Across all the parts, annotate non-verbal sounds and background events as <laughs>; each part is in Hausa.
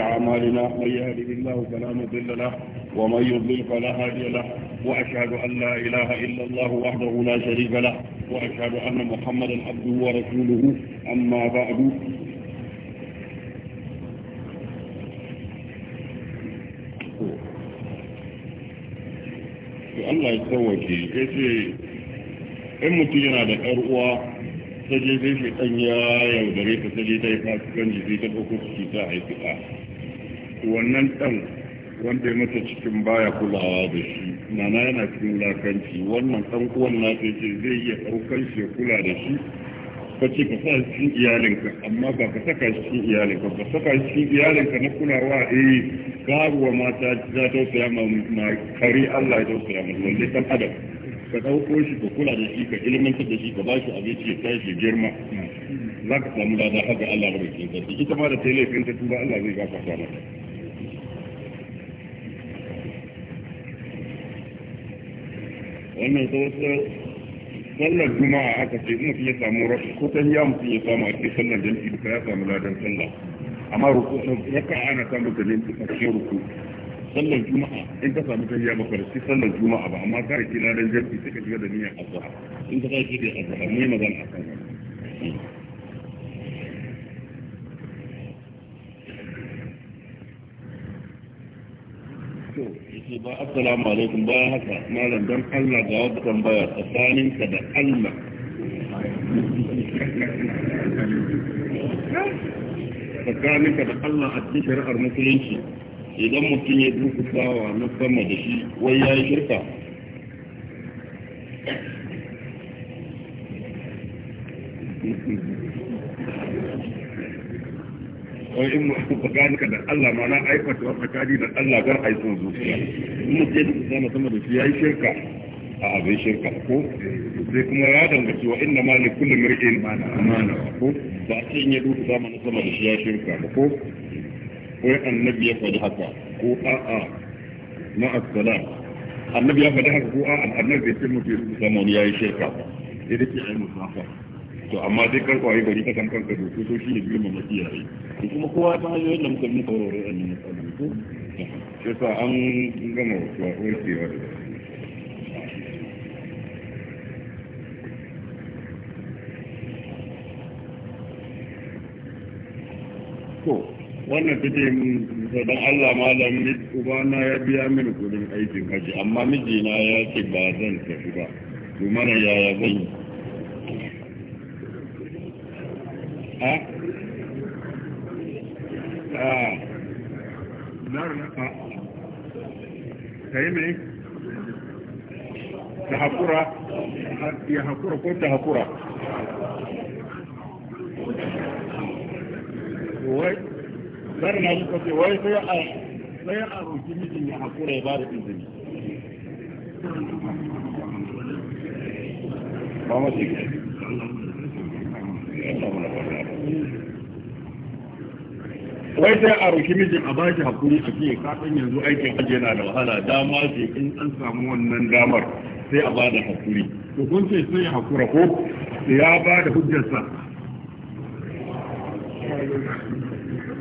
أعمالنا من يهده الله فلا مضل له ومن يضلل فلا هادي له وأشهد أن لا إله إلا الله وحده لا شريك له وأشهد أن محمدا عبده ورسوله أما بعد Allah ya tsawace ya ce in mutum yana da ɗan uwa ta je zai shi ɗan ya yaudare ta ta je ta yi fasikan jiki ta ɗauko ciki ta wannan ɗan wanda ya mata cikin baya kulawa da shi nana yana cikin wulakanci wannan ɗan uwan na ce zai iya ɗaukar shi ya kula da shi ka ce ka sa cikin iyalinka amma ba ka saka cikin iyalinka ba saka cikin iyalinka na kulawa eh garuwa mata za ta tausaya ma kari Allah ya tausaya ma wanda dan adam ka dauko shi ka kula da shi ka ilmantar da shi ka ba shi abinci ya tashi girma za ka samu da haka Allah barke ta ita ma da ta laifin ta tuba Allah zai gafarta mata wannan sallar juma'a aka ce in mutum ya samu rasu ko ta ya mutum ya samu a ce sallar jam'i duka ya samu ladan sallah amma ruku ya ka ana samu ta ne a cikin ruku sallar juma'a in ka samu ta ya baka rasu sallar juma'a ba amma ka rike ladan jam'i suka ka shiga da a azhar in ka sai ke da azhar ne magana a wannan yake ba assalamu alaikum bayan haka malam don Allah ga wata tambaya tsakaninka da Allah tsakaninka da Allah a cikin shari'ar musulunci idan mutum ya dukusawa na sama da shi wai ya yi shirka Thank you. wai in mutum <laughs> tsakaninka da Allah ma na aikata wata kari da Allah gar a yi son zuciya in mutum ya duka sama sama da shi ya yi shirka a abin shirka ko sai kuma ya dangaci wa inna ma li kulli mar'in ma na ko ba sai in ya duka sama sama da shi ya shirka ko wai annabi ya faɗi haka ko a'a na' assalam annabi ya faɗi haka ko a'a annabi bai ce mutum ya duka sama ya yi shirka ba sai dai ke ayi mutum haka to amma dai kan kwaye bari ka san kanka to to shi ne girmama iyaye to kuma kowa ta hanyoyin da muka nuna sauraro a nan matsalolin ko shi yasa an gama warkewa da to wannan ta ce don Allah malam ubana ya biya mini kudin aikin haji amma mijina ya ce ba zan tafi ba to mana yaya zan yi ta yi mai ta haƙura ya haƙura ko ta haƙura wai zar na suka ce wai sai a sai a roƙi mijin ya haƙura ya ba da izini ba mace wai sai a roki mijin a baki hakuri a ke kafin yanzu aikin haji yana da wahala dama ce in an samu wannan damar sai a bada hakuri to kun ce sai hakura ko ya ba da hujjarsa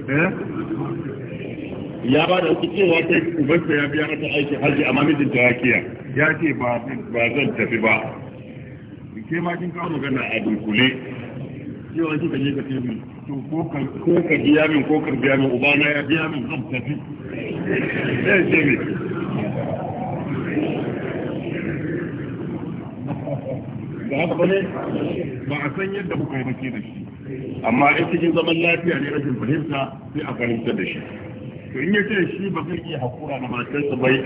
eh? ya ba da wasu cewa kai ubansa ya biya mata aikin hajji amma mijin ta wakiya ya ce ba zan tafi ba ke ma kin kawo magana a dunkule yau an kika je ka ce min to ko ka ko ka biya min ko ka biya min uba na ya biya min zan tafi sai ce min da ba ne ba a san yadda kuka yi rake da shi amma in cikin zaman lafiya ne rashin fahimta sai a fahimtar da shi to in ya ce shi ba zai iya hakura na matarsa bai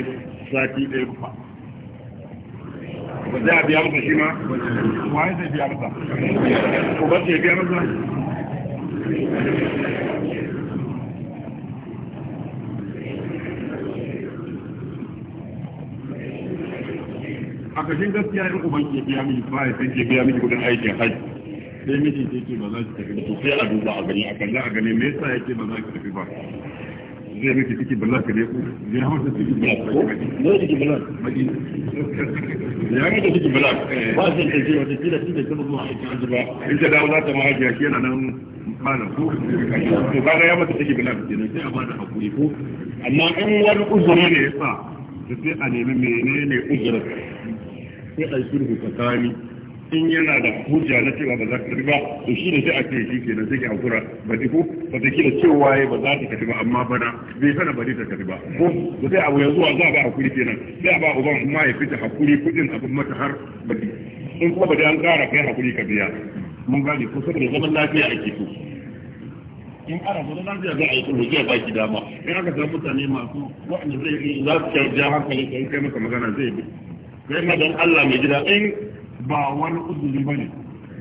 sati ɗaya ba za a biya masa shi ma waye zai biya masa ko ba zai biya masa a kashin gaskiya in uban ke biya miki ba ya sai ke biya miki kudin aikin haji sai miji ke ce ba za ki tafi ba sai a duba a gani a kalla a gani me yasa yake ba za ki tafi ba zai miki ciki ballan ka ne ku ya mata ciki ballan ko ne ciki ballan ya mata ciki ballan ba zai ta ce wata kila shi da kuma ciki ba in ta dawo za ta mahajiya shi yana nan malam ko to kaga ya mata ciki ballan kenan sai a ka hakuri ko amma in wani uzuri ne ya sa sai a nemi menene uzurin sai a yi tsakani in yana da hujja na cewa ba za ka tafi ba to shi ne sai a ce shi ke da sai ke hakura ba ta ko ba ta kila cewa ba za ta tafi ba amma bana bai sana ba ta tafi ba ko da sai abu yanzu za a ba hakuri kenan sai a ba uban kuma ya fita hakuri kudin abin mata har ba in kuma ba da an kara kai hakuri ka biya mun gane ko saboda zaman lafiya a ke so in ana zo lafiya za a yi kuma zai baki dama in aka samu mutane masu waɗanda zai za su kyarja hankali kai maka magana zai bi kai ma don Allah mai gida in ba wani uzuri bane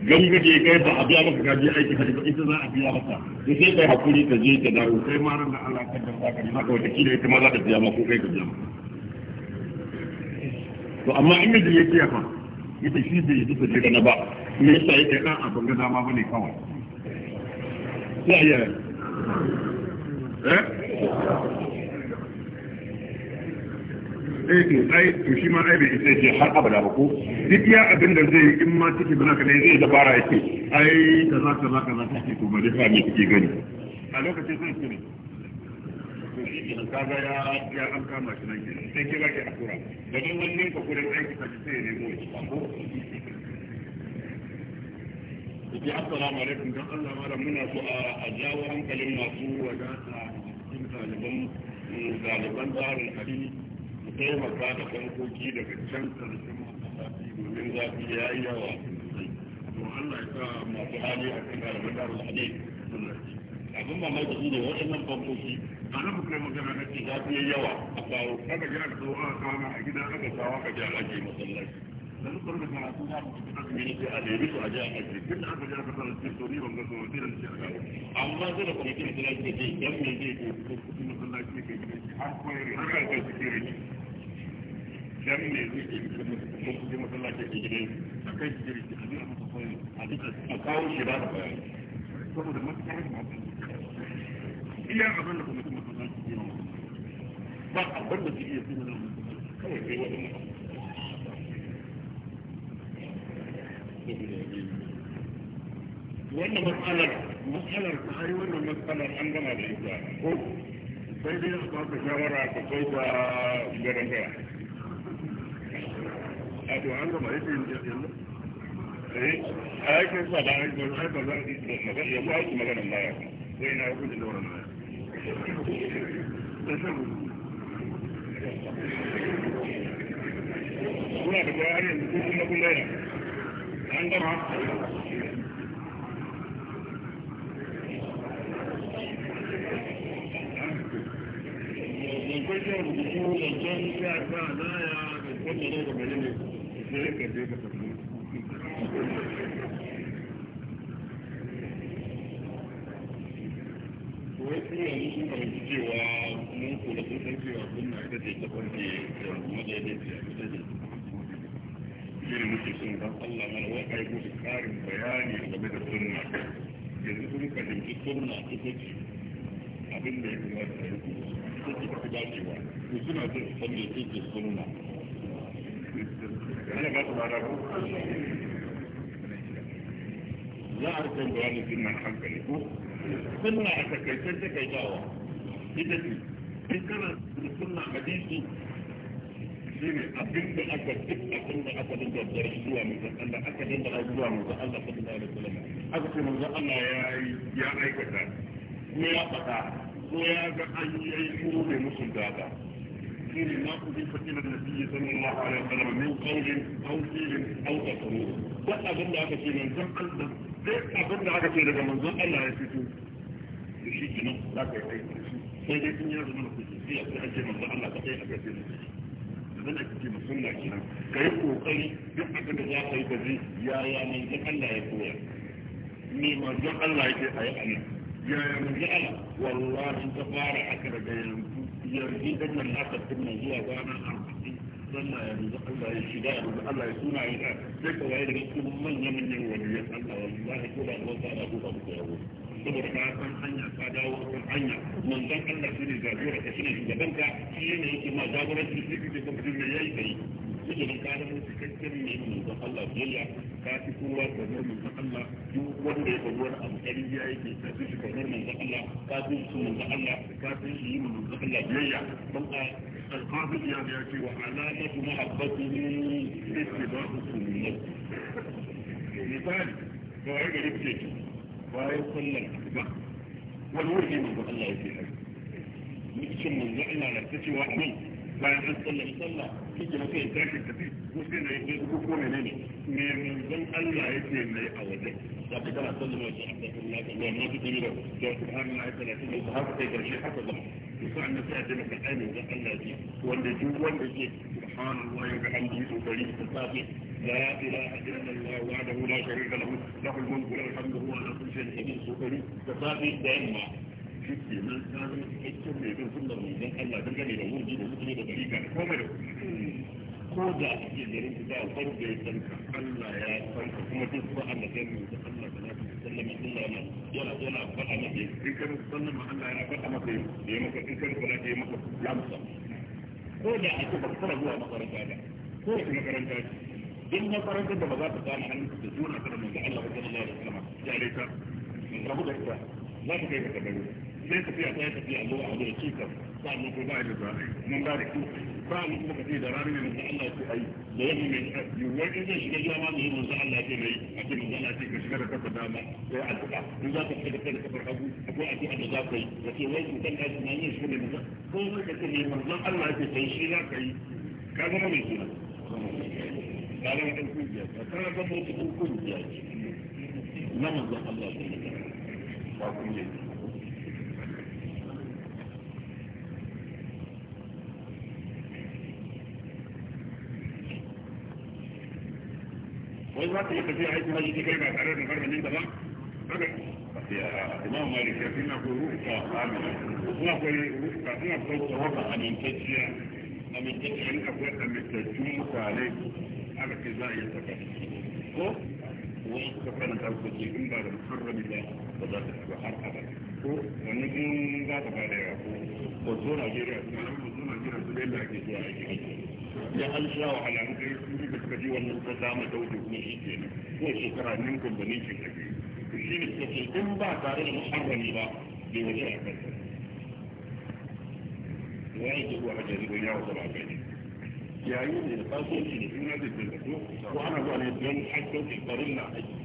gangaje kai ba a biya maka gaji aiki hajji ba ita za a biya maka da sai kai hakuri ka je ka dawo kai ma ran da Allah ka danta ka maka wata kila ita ma za ta biya maka ko kai ka biya maka to amma in miji ya ce fa ita shi bai yi ta daga na ba me yasa yake dan abin ga dama bane kawai sai ya eh sai to ai to shi ma ai bai isa har abada ba ko duk ya abin da zai in ma ciki bana ka ne zai dabara yake ai ka ka za kaza kaza kaza take to ba dai me kike gani a lokacin sai kire to shi ne ka ga ya ya an kama shi nan sai ke ba ke akura da duk wannan ka gurin aiki ka ji sai ne mu ko Ibi assalamu alaikum don Allah mara muna so a jawo hankalin masu wadata cikin ɗaliban ɗaliban tsarin hadisi taimaka da bankoki daga can karshen masallaci domin zafi ya yi yawa sosai to Allah ya sa masu hali a kan ɗalibai da alhaji abin mamaki shi ne waɗannan bankoki a nan kai magana na ce zafi ya yawa a kawo kada gina da zo kama a gida aka kawo aka ji ke masallaci dan kuma da a lebi a da aka ji aka ni ban ga so sai da shi aka amma zai da ke zai ko shi har koyar har ka dan me zai ke mutum masallaci ke gidan a kai shi jiri a zai mutu sai a duka a kawo shi da bayani saboda mutane masu iya abin da kuma mutum masallaci ke yi ba abin da suke yi na kawai sai wani mutum wannan matsalar matsalar ta ai wannan matsalar an gama da ita ko sai dai ba ta shawara ta kai ta garangara a to an gaba yake yanzu eh a yake sa da aiki ba za a yi magana yanzu aiki magana ba ya sai na yi kudin daura na kuna da kwayar yanzu kun kuma kun daina an gama Thank you. zancen ya sa za ya zancen da daga gari ne wai kuma yanzu sun cewa mun kula sun cewa sunna ita ce ta farke da madaidaiti a ita ce shi ne muke son dan Allah mana wai ai musu karin bayani game da sunna yanzu sun fahimci sunna ita ce abin da ya kamata a yi ita ce ta dacewa to suna son su san da ita ce sunna za a rikon bayanin sunan hankali ko suna a takaicen takaitawa ita ce in kana da suna hadisi shi ne abin da aka duk da aka da biyar zuwa mutum da aka Allah ta dinga da sulama aka Allah ya aikata ko ya bata. ya ga an yi aiki ne musu تفسير ما أضيف إلى النبي صلى الله عليه وسلم من قول أو أو ده أظن هذا في ده أظن هذا في يشيك da zan ake ce ka yi kokari duk abin da za ka yi ka ji yaya Allah ya koya Allah a yi yaya Allah wallahi ta fara aka daga yanzu yarfi dan nan aka tunna zuwa gana arba'in dan na yanzu Allah ya shiga yanzu Allah ya suna ya ka sai ka waye daga cikin manyan manyan waliyan Allah wallahi ko da Allah ta rabu ba ku yawo saboda ka san hanya ka dawo kan hanya manzon Allah shine jagora ka shine shugaban ka shi ne yake ma jagoranci sai kike son mutum ne yayi kai saboda ka zama cikakken mai manzon Allah biyayya ka fi kowa kamar manzon Allah duk wanda ya faɗi wani abu ɗan biya yake ka fi shi kamar manzon Allah ka fi shi manzon Allah ka fi shi yi manzon Allah biyayya don a alfafin ya ya ce wa alamatu mahabbatihi ittiba'u sunnah misali ga wai gari ce bayan sallar asuba wani wuri manzon Allah yake hari mutum manzon Allah na ta cewa amin bayan an sallar sallah shi ke na sai tashi tafi ko sai na yi ko ko ne ne me manzon Allah yake mai a wajen da ka kana sallu mai shi da Allah ka ne ne kike da da subhanallahi ta lafi da haka sai karshe haka da to sai annabi ya dinka ainin da Allah ji wanda duk wanda yake subhanallahi wa bihamdihi to bari ta tafi لا إله إلا الله وحده لا شريك له له الملك وله الحمد هو على كل شيء قدير سكري كتابي دائما shi ke nan tsarin cikakken mai bin sunan manzon Allah dangane da wurdi da mutum da dalika da komai da ko da a cikin garin ku ba wani da ya san Allah ya san ka kuma duk ba Allah ya san ka Allah ta lafi sallama Allah na yana yana faɗa maka in kan sallama Allah yana faɗa maka ya maka in kan kula ya maka ya musa ko da a cikin bakara zuwa makaranta da ko da makaranta ce in makaranta da ba za ta samu hannun da zuwa na kada manzo Allah sallallahu alaihi wasallam ya rika rabu da ita za ta kai ka tabbata sai tafiya ta tafiya zo a da cikar sa'annan ko ba da zai mun ba da ku sa'annan kuma kace da ranar manzo Allah ce ai da yamma mai eh, yiwuwar in zai shiga gida ma mai yanzu Allah ce mai a ce mun Allah ce ka shiga da kafa dama sai addu'a in za ka shiga da kafar hagu akwai addu'a da za ka yi da ce wai ku kan da na yin shi ne manzo ko sai ka ce mai manzo Allah ce kai shi za ka yi ka zama mai suna ka ɗan kungiya ka ɗan kungiya na manzo Allah ce ba kungiya wai za ka yi tafiya aiki hajji ta kai ba tare da farfajin da ba imam malik ya suna ko rufuka amina suna ko rufuka suna ko tsawaka amintacciya amintacciya in akwai amintattu mutane haka ce za a yi saka ko wani suka na ko ce in ba da muharrami ba ba za ta shiga har ko wani in za ta ba da yawa ko ko najeriya su ma ko najeriya su da ake zuwa aiki hajji ya an sha wa alamu da ya kuma da suka ji wannan ta dama daudu kuma shi ke nan ko shekara ninkin da ninkin da ke shi ne suka ce in ba tare da muharrami ba bai waje a kai ya yi ke zuwa hajjari don yawo zama a kai yayi ne da kasuwanci ne suna da ko ana zuwa ne don hajjaukin farin na aiki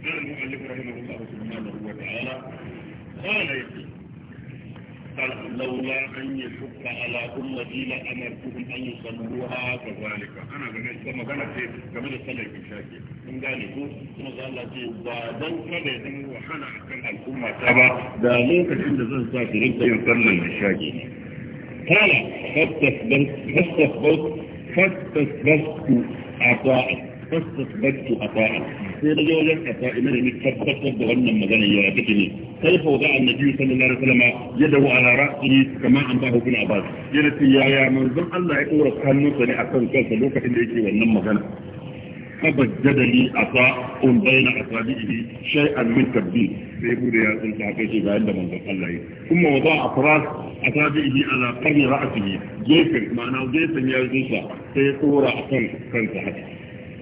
قال المؤلف رحمه الله سبحانه وتعالى قال يقول لولا أن يشق على أمتي لأمرتهم أن يصلوها كذلك أنا بالنسبة كما كان إيه؟ في قبل الصلاة في شاكي من ذلك إيه؟ ثم قال لك إيه؟ بعدين كذا يتم وحنا أكل الأمة تبا ذلك عند ذلك ساكي أنت يصلي الشاكي قال فاستثبت فاستثبت فاستثبت عطاءك فاستثبتت عطاء في رجل عطاء من ان تثبت بغنى مغنى يا بكني كيف وضع النبي صلى الله عليه وسلم يده على راسه كما انباه ابن عباس يلتي يا يا منزل الله يقول كانوا سني اكن كان لوكا اللي يجي wannan magana فبجد لي عطاء بين أصابعه شيئا من تبديل سيقول يا أنت عكيش بعد من ذلك الله ثم وضع أطراف أصابعه على قرن رأسه جيفا معناه جيفا يا جيفا سيقول أصلا كان تحت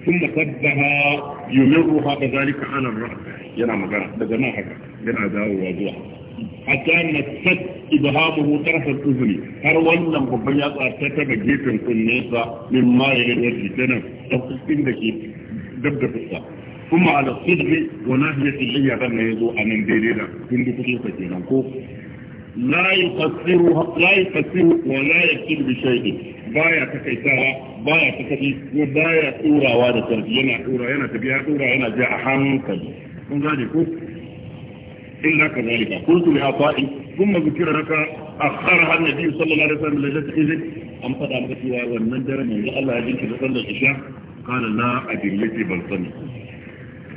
ثم صدها يمرها كذلك على الرأس ينا مجرد بجماعة ينا داو واضح حتى أن السد إبهامه طرف الأذن هل ولا مقبل يطلع تتبع كل نيسا مما يلي وجه تنا تفسكين دكي دب دفسة ثم على الصدق وناهية اللي يغنى يزوء من ديرينا كنت تطلق كينا لا يقصر لا يقصر ولا يكتب بشيء بايا تكيسارا بايا تكيسارا بايا تورا وادا تربي ينا تورا ينا تبيا تورا ينا جاء حمكي من ذلك يقول إلا كذلك قلت لعطائي ثم ذكر لك أخرها النبي صلى الله عليه وسلم لجلس إذن أم قد عمدت يا والمنجر من لأ الله يجنك لصلى الإشاء قال لا أدلتي بل صنع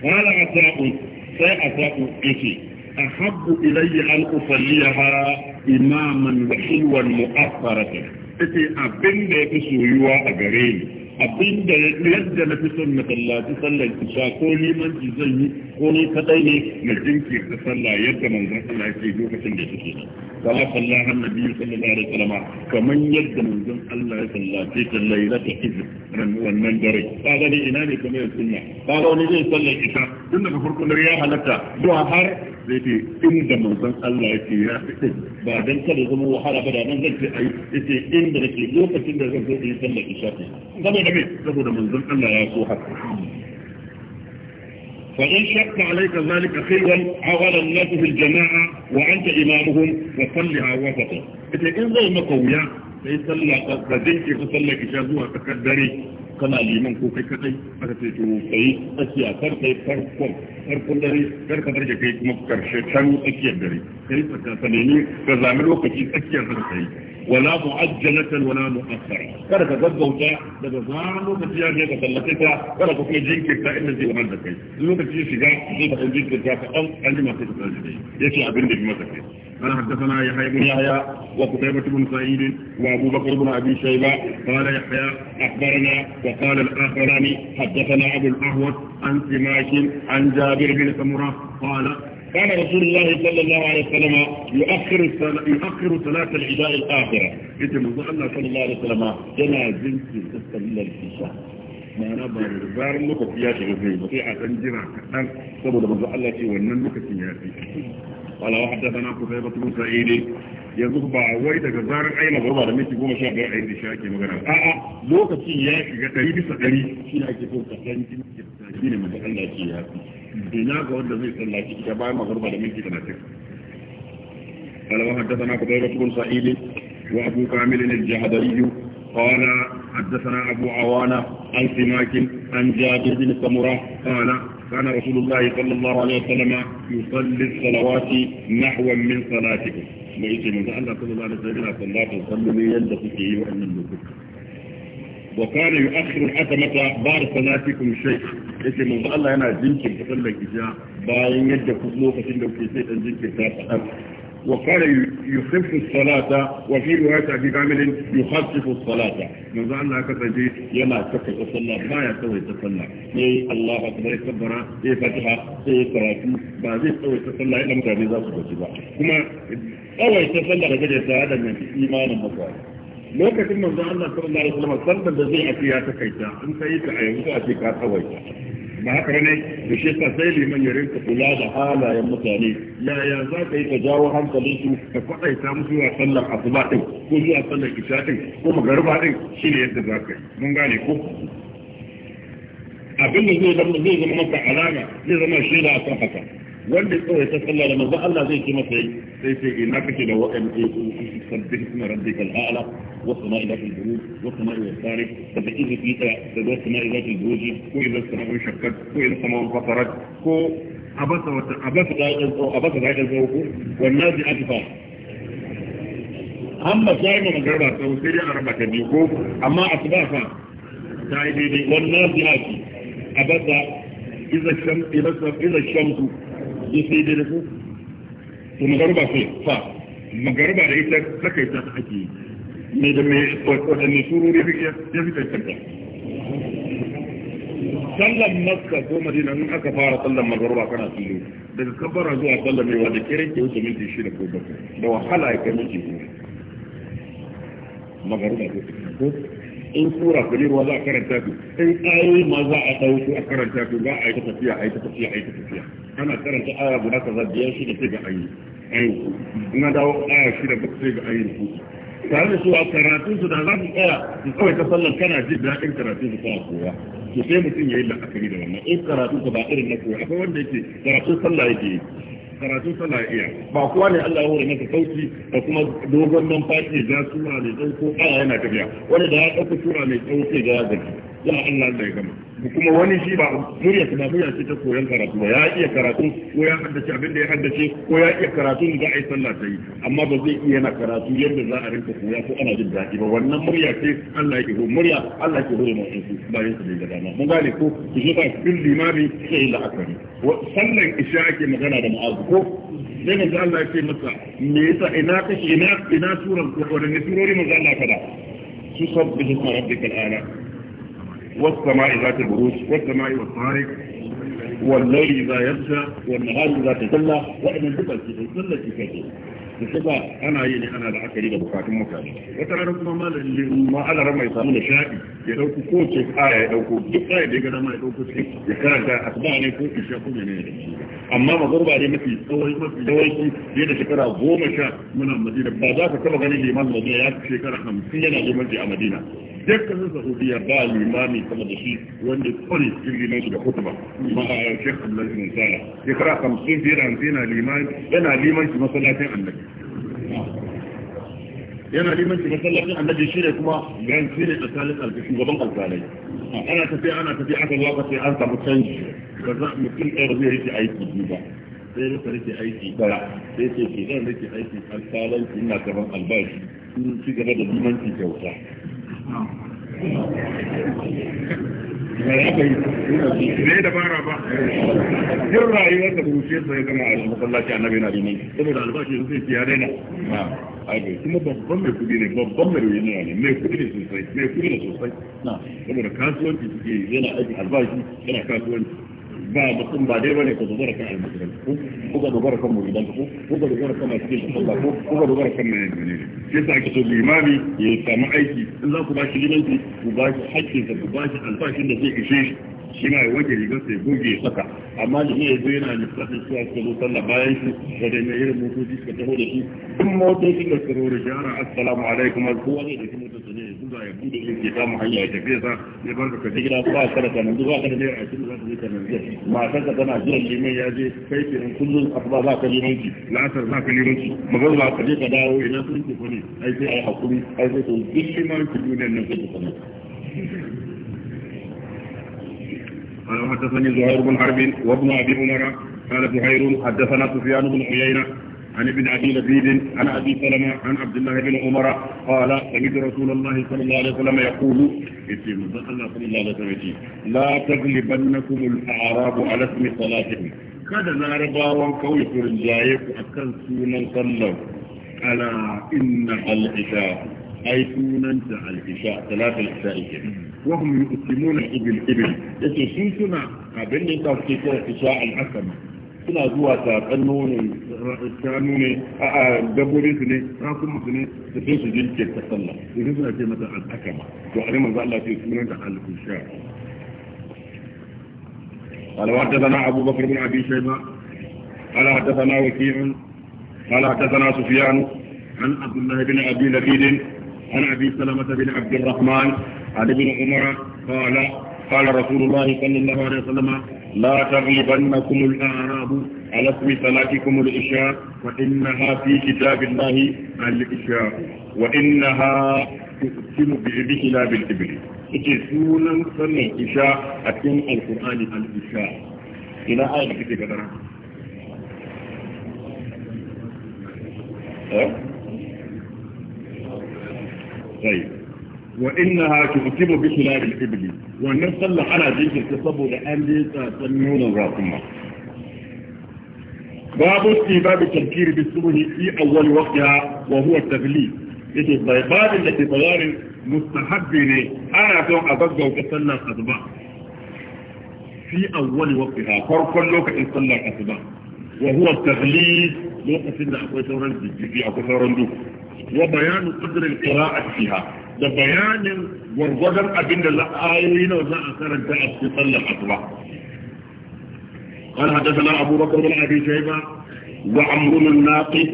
قال عطاء سيعطاء إشي أحب إلي أن أصليها إماما وحلوا مؤخرة إتي أبن دا يسويوا أغرين أبن دا يجد في سنة الله تصلى الإشاء كوني من جزي كوني كتيني نجنكي تصلى يد من ذات الله يسيجو كتن جسينا كما صلى النبي صلى الله عليه وسلم كمن يد من ذات الله يصلى في الليلة إذن wannan dare ka gani ina ne kamar sunna ka ga wani zai sallar isha tun daga farkon dare ya halatta zuwa har zai ce inda manzon Allah ya fi ba dan kada zama wahala ba da nan zan ce ai yace inda nake lokacin da zan zo in sallar isha ko saboda me saboda manzon Allah ya so haka فإن شك عليك ذلك خيرا حول wa في الجماعة وأنت إمامهم وصلها وسطا. إذا إن sai sallah ka dinke ka sallah ki zuwa tsakar dare kana liman ko kai kadai aka ce to kai tsakiya kar kai farkon farkon dare kar ka darje kai kuma karshe can tsakiyar dare kai tsaka ka nemi ka zami lokaci tsakiyar dare kai ولا معجلة ولا مؤخرة كانت تجدوا تاع لذلك ما تجيها جيدة تلقيتا كانت في جينك تاع إن زي أمان بكي لذلك تجيه شجاع جيدة تقول جينك تاع فأو أنت ما تجيه تلقيتا يشي أبن لك ما تكي أنا حدثنا يحيى بن يحيى وقتيبة بن سعيد وأبو بكر بن أبي شيبة قال يحيى أخبرنا وقال الآخران حدثنا أبو الأهوة عن سماك عن جابر بن سمرة قال قال رسول الله صلى الله عليه وسلم يؤخر يؤخر صلاة العشاء الآخرة. أنت من صلى الله عليه وسلم جنا جنس الصلاة العشاء. ما نبى نزار لك في هذا الزمن في هذا الجمع. أن سبب من ظن الله وأن لك في هذا. قال واحد أنا كتيبة موسى إلي يزوج بع ويد أي مغرب على ميت يقوم شاب عيد شاكي مغرب. آه آه لو كتير يا كتير بس قليل. شيء كتير كتير كتير كتير كتير ina إيه، ga إيه، إيه، قال وحدثنا قبيلة بن سعيد وأبو كامل الجهدري قال حدثنا أبو عوانة عن سماك عن جابر بن سمرة قال كان رسول الله صلى الله عليه وسلم يصلي الصلوات نحو من صلاتكم. ما يجي من الله صلى الله عليه وسلم صلاة من يلدق فيه وأن اللوكس. وكان يؤخر الحسنة بعد صلاتكم شيء yake manzo Allah yana jinkirta sallar isha bayan yadda ku lokacin da kuke sai dan jinkirta kadan wa kana yukhaffifu as-salata wa fi riwayat abi kamil yukhaffifu as-salata manzo Allah ya kasance yana takaita sallah baya kawai ta sallah sai Allah akbar kabbara sai fatiha sai karatu ba zai kawai ta sallah idan mutane za su gaji ba kuma kawai ta sallah da ta da imanin mutane lokacin manzo Allah sallallahu alaihi wasallam sallar da zai afiya ta kaita in kai ta a yanzu ce ka kawai ba haka ne da shi ka sai liman ya rinka kula da halayen mutane yaya za ka yi ka jawo hankalin su ka kwadaita musu zuwa sallar asuba din ko zuwa sallar isha din ko magariba din shine yadda za ka yi mun gane ko abin da zai zama maka alama zai zama shaida akan haka wanda ya tsawaita sallah da manzo Allah zai ce masa sai sai ina kake da wa'an sabbih isma rabbikal a'la wa sama'i dhatil buruj wa sama'i wal tariq sabbih fi da wa sama'i dhatil buruj ko idza samaa'u shaqqat ko idza samaa'u fatarat ko abasa wa abasa da'in ko abasa da'in ko wan nazi atfa amma sai mu magarba sau sai dai arba ta biyu ko amma asuba fa ta yi daidai wan nazi ati abasa إذا الشمس إذا الشمس ya sai dai da su to magarba sai fa magarba da ita saka ta ake yi da me wadanne sururi ya fi tantanta sallan makka ko madina in aka fara sallan magarba kana tsillo daga kabbara zuwa sallan mai wanda kiran ke wuce minti shida ko bakwai da wahala ya kai minti goma magarba ko in sura kulirwa za a karanta su in ayoyi ma za a ɗauko a karanta su za a yi ta tafiya a yi ta tafiya a yi ta tafiya ana karanta aya guda za biyar shi da ke ga ayi ayi ina dawo aya shi da sai ga ayi su tare da cewa karatun su da za su tsaya su kawai ta sallar kana jin daɗin karatun su kana koya to sai mutum ya yi la'akari da wannan in karatun su ba irin na koya akwai wanda yake karatun sallah yake yi karatu tana iya ba kowa ne Allah ya hore masa sauki da kuma dogon numfashi da sura mai tsawo ko aya yana tafiya wanda da ya ɗauka sura mai tsawo sai ga ya gaji ya Allah da ya gama kuma wani shi ba murya ba murya ce ta koyon karatu ba ya iya karatu ko ya haddace abin da ya haddace ko ya iya karatu da ai sallah ta yi amma ba zai iya na karatu yadda za a rinka koya ko ana jin daɗi ba wannan murya ce Allah yake ho murya Allah yake hore masu su bayan su da dama mun gane ko ki je ba cikin limami sai la akari sallan isha ake magana da ma'azu ko sai manzo Allah ya ce masa me yasa ina kashi ina ina suran ko wannan surori manzo Allah kada su sabbihu rabbikal ala والسماء ذات البروج والسماء والطارق والليل اذا يبسى والنهار اذا تجلى وان الجبل في ظل شكاكه بسبب انا يعني انا لا اكل الا بقاط مكان وترى ربما ما اللي ما على رمى يسمى شاكي يدوك كوتش ايه يدوك كوتش ايه يدوك رمى يدوك كوتش يكرا جاء اتباعني كوتش يشاكون يعني اما ما ضرب عليه ما في اوهي ما في اوهي كي يدى شكرا غوم من المدينة بعدها فكما غني لي من مدينة يعني شكرا خمسين على مدينة duk kasar saudiya ba limami sama da shi wanda kwari jirgin nasu da kutuba ma a shek abdullahi bin sala shekara hamsin fiye da hamsin yana liman yana liman shi masallacin annabi yana liman shi masallacin annabi shi ne kuma gan shi ne tsakalin alfi shugaban alkalai ana tafiya ana tafiya aka zuwa ka sai an samu canji ba za mutum ɗaya ba zai yi aiki biyu ba sai rufe rike aiki ɗaya sai ce ke zan rike aiki alkalanci ina gaban albashi sun ci gaba da limanci kyauta ne da bara ba yin rayuwar da rushe sai zama a masallaci annabi yana liman saboda albashi sai ya daina aibe kuma babban mai kudi ne babban mai ruwa ne mai kudi ne sosai mai kudi ne sosai saboda kasuwanci suke yana aiki albashi yana kasuwanci ba mutum ba dai bane ka dogara kan almajiran ku ku ka dogara kan muridan ku ku ka dogara kan masu cikin sallah ku ku ka dogara kan mai ne shi yasa ake so limami ya samu aiki in za ku ba shi limanci ku ba shi haƙƙinsa ku ba shi alfashin da zai ishe shi shi ma ya wanke rigar sai goge ya saka amma da ne zo yana lissafin suwa suka zo sallah bayan su da dai mai irin motoci suka taho da shi in motoci da tsaro da jara assalamu alaikum har kowa zai tafi motarsa ne ya zuba ya bude ya ke samun hanya ya tafiya sa ya barka ka gida ba ka da kanan zuwa kada ne a cikin za ka je kanan jiya matar ka tana jiran liman ya je kai ke nan kullum a asuba za ka limanci la'asar za ka limanci magar ba ka je ka dawo ina sun ke fane ai sai a yi hakuri ai sai to duk limanci duniyar nan sai ka fane قال حدثني زهير بن حرب وابن ابي عمر قال زهير حدثنا سفيان بن عيينه عن ابن ابي لبيد عن ابي سلمه عن عبد الله بن عمر قال سمعت رسول الله صلى الله عليه وسلم يقول صلى الله عليه وسلم لا تغلبنكم الاعراب على اسم صلاتكم قد larabawan kawai su rinjaye ku a صلى sunan sallar ala inna al-isha العشاء sunanta al وهم يقسمون الإبل إبل يسي شو سنع قابلني أنت في كشاء الحسن سنع جوا تقنون كانون آه، آه، دبولي سنة راكم آه، سنة تفيش جل كيف تصلى يجبنا في مدى الحكمة وعلم الله الله في سنة على كل شاء قال وحدثنا أبو بكر بن أبي شيماء قال حدثنا وكيع قال حدثنا سفيان عن عبد الله بن أبي لبيد عن أبي سلامة بن عبد الرحمن عن ابن عمر قال قال رسول الله صلى الله عليه وسلم لا تغلبنكم الأعراب على اسم صلاتكم العشاء فإنها في كتاب الله عن العشاء وإنها تقسم بإبهلا بالإبل إتسونا صلى العشاء أتم القرآن عن العشاء إلى آية كتب درا طيب wa inna ha ki ukibu bi khilal al-ibli wannan sallah ana jinkirta saboda an je tsatsan nonon rakuma babu istibab at-tankir bi subhi fi awwal waqtiha wa huwa at-taglib yake bai da ke bayanin mustahabbi ne ana son a gaggauta sallar asuba fi awwal farkon lokacin sallar lokacin da akwai sauran jijjigi akwai sauran وبيان قدر القراءة فيها ده بيان ورغدر أبن الآيين وزاء سرد أبتصال الأطبع قال حدثنا أبو بكر بن أبي شيبة وعمر الناقي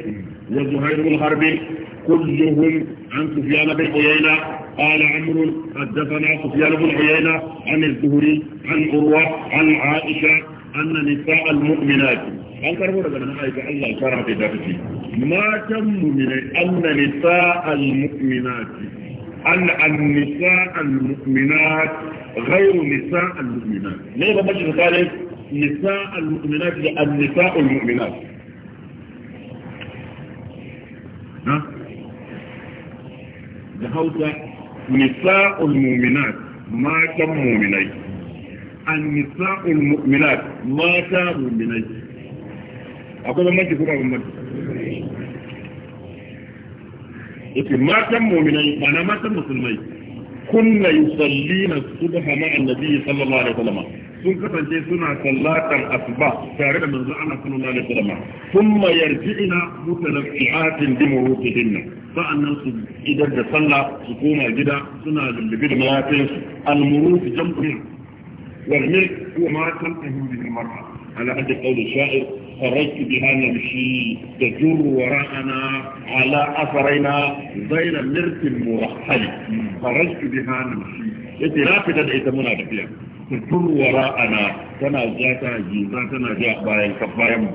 وزهير الحربي كلهم عن سفيان بن عيينة قال عمر حدثنا سفيان بن عيينة عن الزهري عن عروة عن عائشة أن نساء المؤمنات an karbo daga nan aiki Allah ya fara da dafi matan mu'minai anna nisa'al mu'minati anna an-nisa'al mu'minat ghayru nisa'al mu'minat ne ba mace tsakanin nisa'al mu'minat da an-nisa'al mu'minat ha da hausa nisa'ul mu'minat matan mu'minai an-nisa'ul mu'minat mata mu'minai akwai bambanci kuma bambanci yake matan mu'minai ba na matan musulmai kunna yusallina subha ma'a nabi sallallahu alaihi wasallam sun kasance suna sallatan asuba tare da manzo Allah sallallahu alaihi wasallam thumma yarji'na mutalaqqi'atin bi murutihinna sa'annan su idan da sallah su koma gida suna lullubi da mayatin su al-murut jam'u wal milk huwa ma tamtahu bihi al-mar'a ala hadi qawl sha'ir خرجت بها نمشي تجر وراءنا على أثرنا بين مرت مرحل خرجت بها نمشي يتي رافدا إذا منا تجر وراءنا تنا جاتا جيزا تنا جاء باين كبايم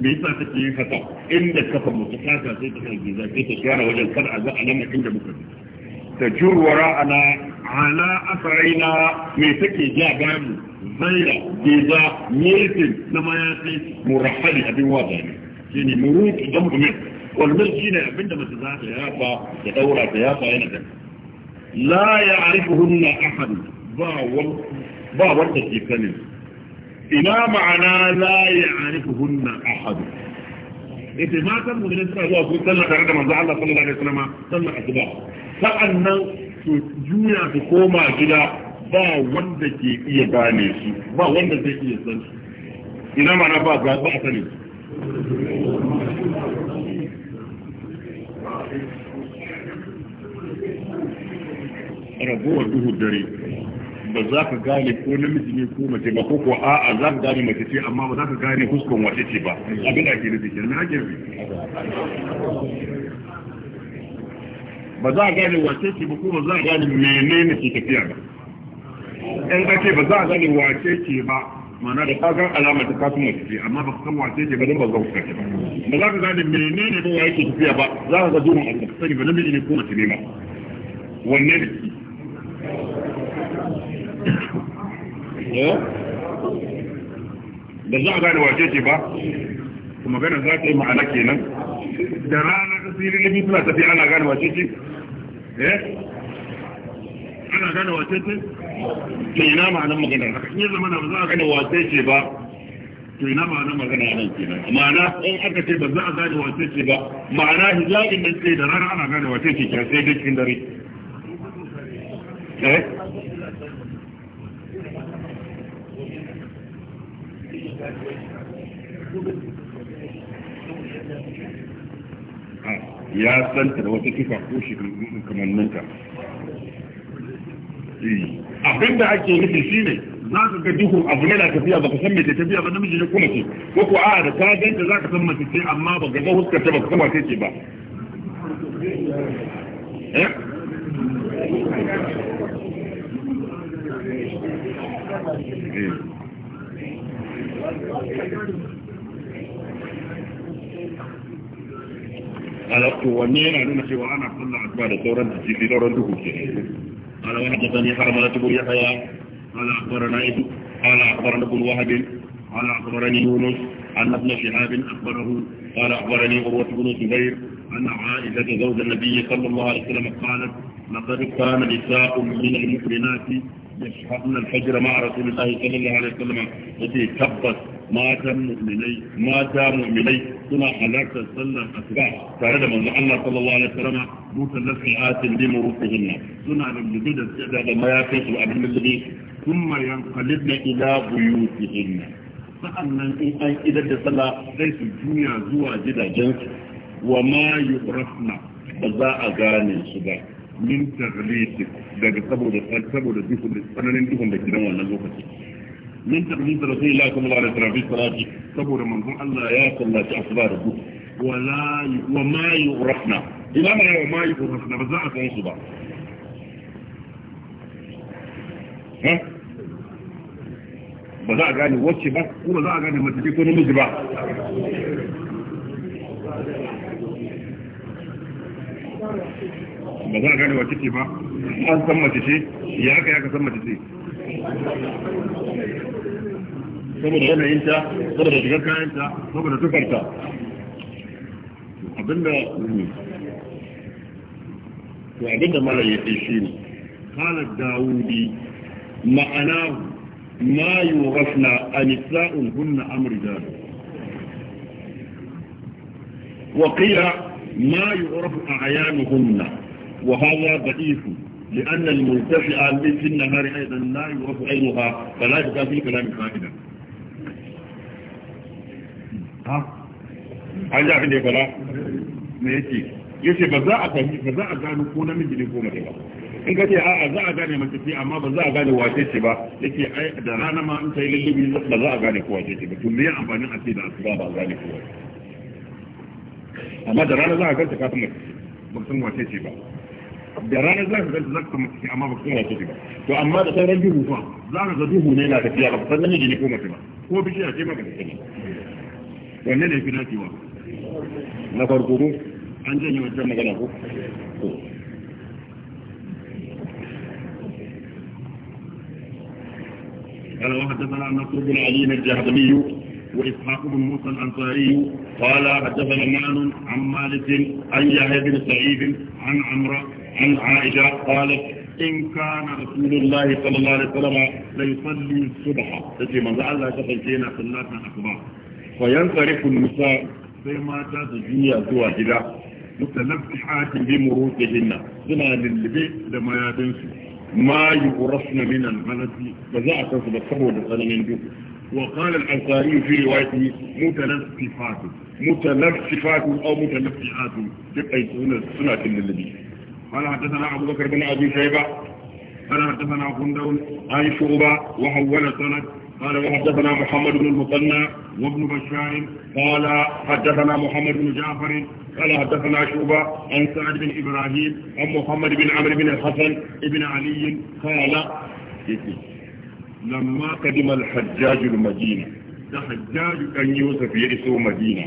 me yasa take yin haka inda kafa mutu kasa sai ta kai giza sai ta shara wajen kada a ga alama inda muka ta jurwara ana ala asarina me take ja gamu zaira beza milkin na mayafi murahali abin wada ne shi ne muruk da mutumin walmil shi ne abin da mace za ta yafa da daura ta yafa yana da la ya arifuhunna ahad ba wal ba wanda ke sanin ina ma'ana la ya arifuhunna ahad ita matan mu ne suna zuwa su sallah tare da manzo Allah sallallahu alaihi wasallam sallah asuba sa'annan su juya su koma gida ba wanda ke iya gane su ba wanda zai iya san su ina mana ba ba ba sani rabuwa duhu dare ba za ka gane ko namiji ne ko mace ba ko ko a'a za ka gane mace ce amma ba za ka gane huskon wace ce ba abin da ke nufi kenan na nufi ba za a gane wace ce ba ko ba za a gane menene ke tafiya ba in ce ba za a sani wace ke ba mana da ka alama ta kasu mai tafiya amma ba san wace ce ba don ba za ka ba ba za ka gane ne ba yake tafiya ba za ka ga zuwa a ka sani ba na mene ne ko mace ne ba wanne ne da eh? za a gane wace ce ba kuma magana za ta yi ma'ana kenan da rana ta sirri libi suna tafiya ana gane wace ce eh? ana gane wace ce to ina ma'anar magana haka in ya zama na ba za a gane wace ce ba to ina ma'anar magana nan kenan ma'ana in aka ce ba za a gane wace ce ba ma'ana hijabin nan ce da rana ana gane wace ce kya sai dukkan dare eh ya santa da wata kifa ko shi kamanninta abinda ake nufi shine za ka ga duhun abu da tafiya baka san me tafiya ba namiji ne kuma ce ko ko a da ka ganta za ka san mace ce amma ba ga huskar ta ka san wace ce ba eh? eh. alaƙo wanne yana nuna cewa ana sallar asuba da sauran da sauran duhu ke قال وحدثني حرملة بن يحيى قال أخبرنا قال أخبرنا ابن وهب قال أخبرني يونس أن ابن شهاب أخبره قال أخبرني عروة بن الزبير أن عائشة زوج النبي صلى الله عليه وسلم قالت لقد كان نساء من المؤمنات يشهدن الحجر مع رسول الله صلى الله عليه وسلم التي تبت مات مؤمني مات مؤمني سنة حلاك صلى أسباع تارد من الله صلى الله عليه وسلم موت النفعات لمروسهن سنة للجديد استعداد ما يفيش وأبن الذي ثم ينقلبن إلى بيوتهن فأنا إذا تصلى ليس الدنيا زوى جدا جنس وما يغرفنا فذا أغاني سباع min tagliti daga saboda saboda duhun tsananin duhun da gidan wannan lokaci min taglisi rasulullahi sallallahu alaihi wasallam fi salati saboda manzon Allah ya sallaci asuba da duhu wala wa ma yurafna ila ma wa ma yurafna ba za a san su ba ba za a gane wacce ba kuma za a gane mace ko namiji ba Thank you. ba za a gane wace ce ba an san mace ce ya aka ya ka san mace ce saboda yanayinta saboda shigar kayanta saboda tukarta abinda to abinda malam ya shi ne kala dawudi ma'ana ma yi wa rafna a nisa'un hunna amurda wa qila ma yi wa rafu a ayanuhunna وهذا ضعيف لأن المرتفع في النهار أيضا لا يعرف علمها فلا يبقى في كلام فائدة ها هل يعرف لي فلا ميتي yace ba za a fahimci ba za a gano ko namiji ne ko mace ba in ka ce a'a za a gane mace ce amma ba za a gane wace ce ba yake ai da rana ma in sai lullubi ba za a gane ko wace ce ba tun me ya amfanin a ce da asuba ba a gane ko wace amma da rana za a ganta kafin mace ba san wace ce ba da ranar za ka ganta za ka samu ciki amma ba ka tsara ciki ba to amma da sauran duhu fa za ka ga duhu ne na tafiya ba san namiji ne ko mace ba ko bishiya ce maka tafiya wanne ne fi dacewa na farko ko an janye wancan magana ko قال وحدثنا نصر بن علي الجهضمي وإسحاق بن موسى الأنصاري قال حدثنا مان عن مالك عن يحيى بن سعيد عن عمرو عن عائشة قالت إن كان رسول الله صلى الله عليه وسلم ليصلي الصبح تجي من ذا الله تفجينا صلاة أكبر فينصرف النساء فيما تتجيني هدا متنفس متلفحات بمروتهن سنة للبيت لما يدنس ما يقرصن من الغلط فزاء تصبح صبو لسلمين دوكو وقال الأنصاري في روايته متنفس متلفحات أو متلفحات تبقى يسون السنة للبيت قال حدثنا أبو بكر بن أبي شيبة قال حدثنا غندر عن شعبة وحول سند قال وحدثنا محمد بن المثنى وابن بشار قال حدثنا محمد بن جعفر قال حدثنا شعبة عن سعد بن إبراهيم عن محمد بن عمرو بن الحسن بن علي قال لما قدم الحجاج المدينة الحجاج كان يوسف يرسو مدينه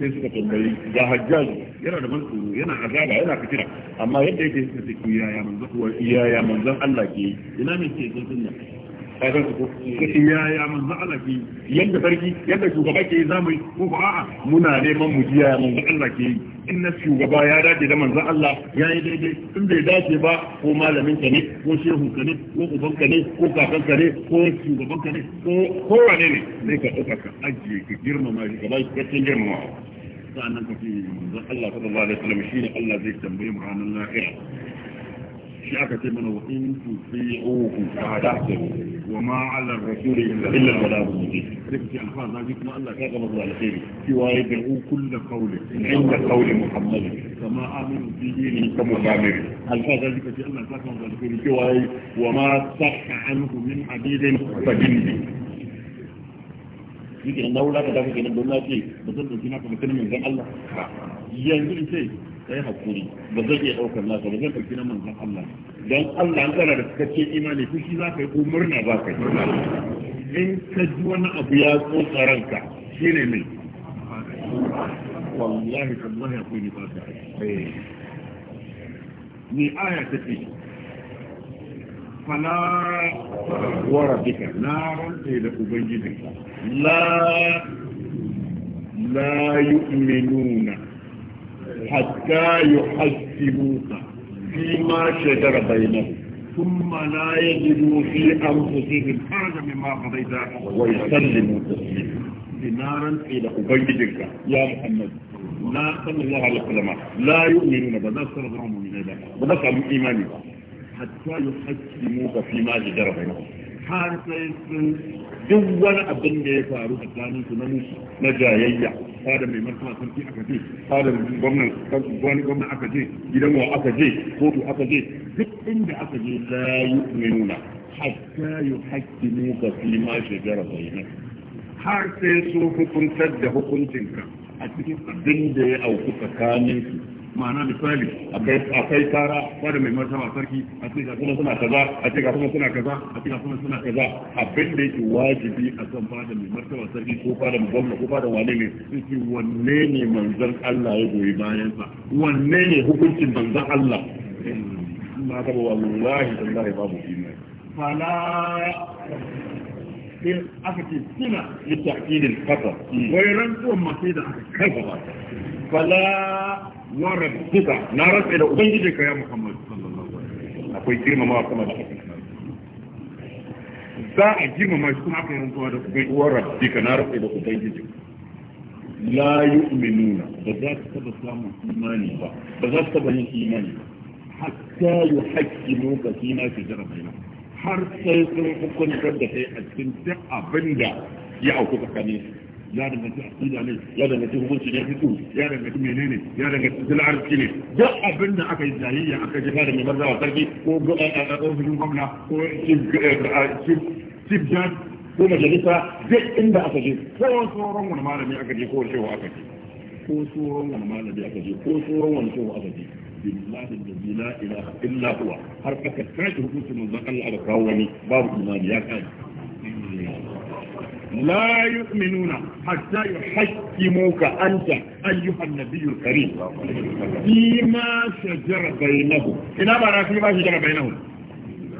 sai suka tambayi ga hajjaji yana da ban tsoro yana azaba yana fitina amma yadda yake suka ce ya manzon kuwa ya manzo Allah ke ina ne ke zan sunna kaga ko ya manzo Allah ke yanda sarki yanda shugaba ke zamu ko ba a'a muna neman mu ya manzo Allah ke in na shugaba ya dace da manzon Allah ya yi daidai in bai dace ba ko malamin ka ne ko shehu ka ne ko uban ka ne ko kakan ka ne ko shugaban ka ne ko kowane ne sai ka ɗauka ka ajiye ka girmama shi ka ba shi cikakken girmamawa sa'annan ka fi zan Allah sallallahu alaihi wasallam Allah zai tambaye mu ranar lahira shi aka ce mana wa in tusi'uhu fa'adahu wa ma 'ala ar-rasul illa kuma Allah ya gaba zuwa alheri wa ya kullu qawli inda qawli muhammad kama aminu dini kama samir ce Allah ya gaba zuwa alheri wa ma anhu min Ni ke na wula ka dafa kenan don na ce ba zan dauki naka mutum manzon Allah yanzu in ce yi hakuri ba zan iya daukar naka ba zan dauki na manzon Allah dan Allah an tsara da cikakken imani fushi za ka yi ko murna ba ka yi in ka ji wani abu ya tsotsa ranka shine mai wallahi tallahi akwai ni ba ka ni aya ta ce fala wa rabbika na rantsa da ubangijinka لا لا يؤمنون حتى يحسبوك فيما شجر بينهم ثم لا يجدوا في أنفسهم حرجا مما قضيت ويسلموا تسليما دينارا إلى أبيدك يا محمد لا صلى الله عليه وسلم لا يؤمنون بذلك صلى الله عليه وسلم الله عليه وسلم حتى يحسبوك فيما شجر بينهم har sai sun duk wani abin da ya faru tsakanin su na musu na jayayya fada mai martaba sarki aka je fada gwamnan wani gwamna aka je gidan wa aka je kotu aka je duk inda aka je la yu'minuna hatta yuhaqqimu ka fi ma shajara bainahum har sai sun hukuntar da hukuncinka a cikin abin da ya auku tsakanin su ma'ana misali kai kara ba da mai martaba sarki a ce ga kuma suna kaza a ce ga kuma suna kaza a ce ga kuma suna kaza abin da yake wajibi a kan ba da mai martaba sarki ko ba da gwamna ko ba da wane ne shi wanne ne manzon Allah ya goyi bayan sa wanne ne hukuncin manzon Allah ba ka ba wallahi tallahi babu imani fala aka ce kafa mm. wai da aka kafa ba fala wa rabbika na rantsa da ubangiji ka ya muhammad akwai girmamawa kuma da za a girmama shi kuma aka rantsuwa da ubangiji wa rabbika na rantsa da ubangiji la yu'minuna ba za su taba samun imani ba ba za su taba yin imani ba hatta yuhaqqimuka fi ma shajara bainahum har sai sun hukuntar da kai a cikin duk abin da ya auku tsakanin su ya danganci aqida ne ya danganci hukuncin ne fitu ya danganci menene ya danganci tattalin arziki ne duk abin da aka yi jayayya aka jefa da mai marzawa sarki ko eh, eh, eh, ofishin gwamna ko chief judge ko majalisa duk inda aka je ko tsoron wani malami aka je ko shehu aka je ko tsoron wani malami aka je ko tsoron wani shehu aka je billahi allazi la ilaha illa huwa har aka tashi hukuncin manzon Allah aka kawo wani babu imani ya kai لا يؤمنون حتى يحكموك أنت أيها النبي الكريم فيما شجر بينهم إن أبرا فيما شجر بينهم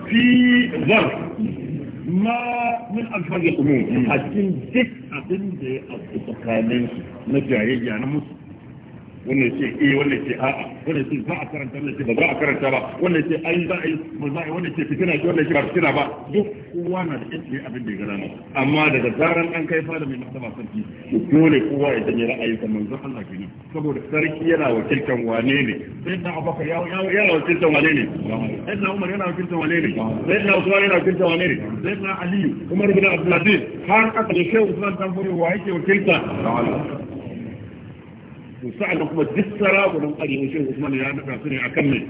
في ظرف ما من ألفاظ الأمور حتى ذك أبن دي نجاهي يعني مسلم wannan ce eh wannan ce a'a wannan ce za a karanta wannan ce ba za a karanta ba wannan ce ai za a yi wannan ce fitina ce wannan ce ba fitina ba duk kowa na da ƙirƙiri abin da ya gana amma daga zaran an kai fada mai masama sarki dole kowa ya janye ra'ayin sa manzo Allah kenan saboda sarki yana wakiltan wane ne sai da Abubakar yana wakiltan wane ne sai da Umar yana wakiltan wane ne sai da Usman yana wakiltan wane ne sai da Ali Umar bin Abdul har aka da Shehu Usman Tambore wa yake wakilta to sa'an kuma duk sarakunan arewa Shehu Usman ya naka su ne akan mai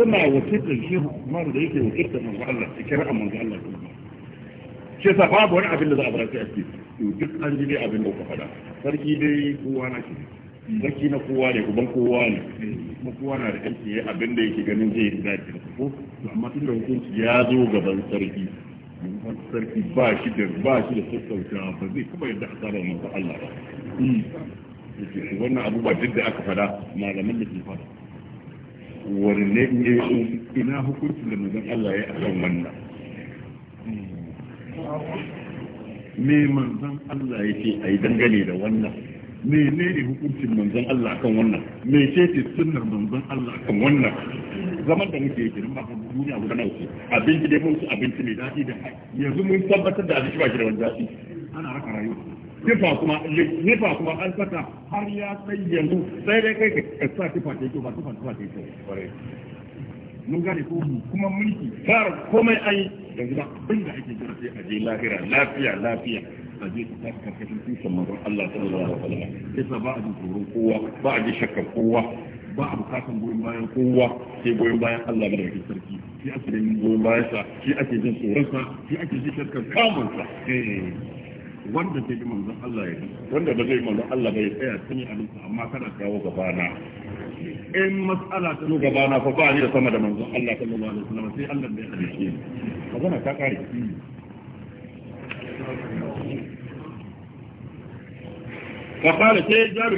tana wakiltar shi Usman da yake wakiltar manzo Allah kira a manzo Allah shi sa babu wani abin da za a bar sai a ce duk an ji abin da ku faɗa sarki dai kowa na shi sarki na kowa ne kuma kowa ne kuma kowa na da kanki yayi abin da yake ganin zai yi daɗi ko amma tun da hukunci ya zo gaban sarki sarki ba shi da ba shi da sassauta ba zai kuma yadda a tsara manzo Allah ba hmm. wannan abu ba duk da aka faɗa malamin da ke faɗa wanne ne ina hukuncin da manzon Allah ya akan wannan me manzon Allah a ai dangane da wannan me ne ne hukuncin manzon Allah akan wannan me ce ce sunnar manzon Allah akan wannan zaman da muke yi ba ka duniya guda na wuce abinci dai mun su abinci mai daɗi da yanzu mun tabbatar da abinci ba shi da wani daɗi ana raka rayuwa kifa kuma nifa kuma an saka har ya sai yanzu sai dai kai ka sa kifa ta ba tifa tifa ta yi mun gane ko kuma mulki fara komai ai yanzu ba abin da ake jira sai a je lahira lafiya lafiya a je ta karkashin tushen manzon Allah sallallahu alaihi wasallam kisa ba a ji tsoron kowa ba a ji shakkar kowa ba a bukatan goyon bayan kowa sai goyon bayan Allah da yake sarki shi ake jin goyon bayan sa shi ake jin tsoron sa shi ake jin shakkar kamun sa eh. wanda zai yi manzon Allah ya wanda ba zai yi manzon Allah ba ya tsaya sani abin amma kana kawo gaba na in mas'ala ta gaba na fa ba ni da sama da manzon Allah sallallahu alaihi wasallam sai Allah bai halice ni magana ta kare فقال سيد جابر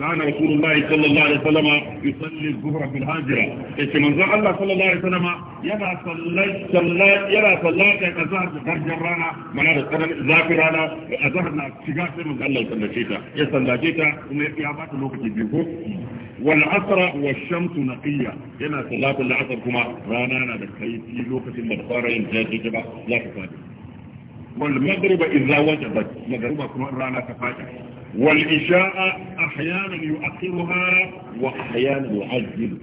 كان رسول الله صلى الله عليه وسلم يصلي الظهر في الهاجرة إيش منظر الله صلى الله عليه وسلم yana sallata ka za ta karjar rana mana da tsaron zafi rana a zahar na shiga sai mun Allah ya sallace ta ya sallace ta kuma ya ba ta lokaci biyu ko wal asra wa shamsu naqiya yana sallatul asr kuma rana na da kaifi lokacin da fara yin jaji ba za ta fadi wal maghriba idza wajabat maghriba kuma rana ta fadi wal isha'a ahyanan yu'akhiruha wa ahyanan yu'ajjilu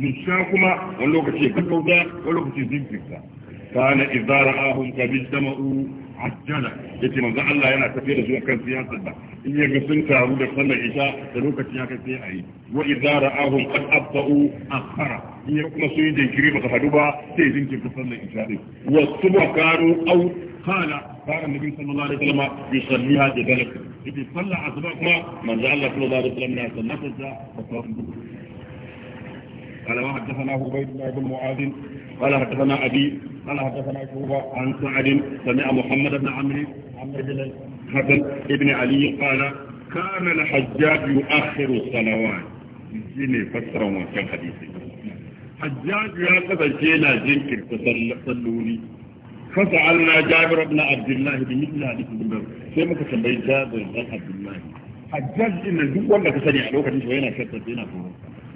musha kuma wani lokaci ya kakkauta wani lokaci zinkirta kana idza ra'ahum qad ijtama'u ajjala ce manzo Allah yana tafiya da zuwa kan siyasar da in ya ga sun taru da sallar isa da lokacin ya kai sai a ayi wa idza ra'ahum qad abta'u akhara in ya kuma su yi jinkiri ba hadu ba sai jinkirta sallar isha din wa subha kanu aw qala kana annabi sallallahu alaihi wasallam yusalliha jadalaka yace sallar asuba kuma manzo Allah sallallahu alaihi wasallam na sallata ta قال حدثنا عبيد الله بن معاذ قال حدثنا أبي قال حدثنا شعبة عن سعد سمع محمد بن عمرو عمرو بن حسن بن علي قال كان الحجاج يؤخر الصلوات جيني فسر وكان حديثي حجاج يا جينا جنكر تصلوني فسألنا جابر بن عبد الله بمثل هذه الأمور كيف تسمي جابر بن عبد الله حجاج إن الدول لك سنة على وقت شوينا شتت هنا فوق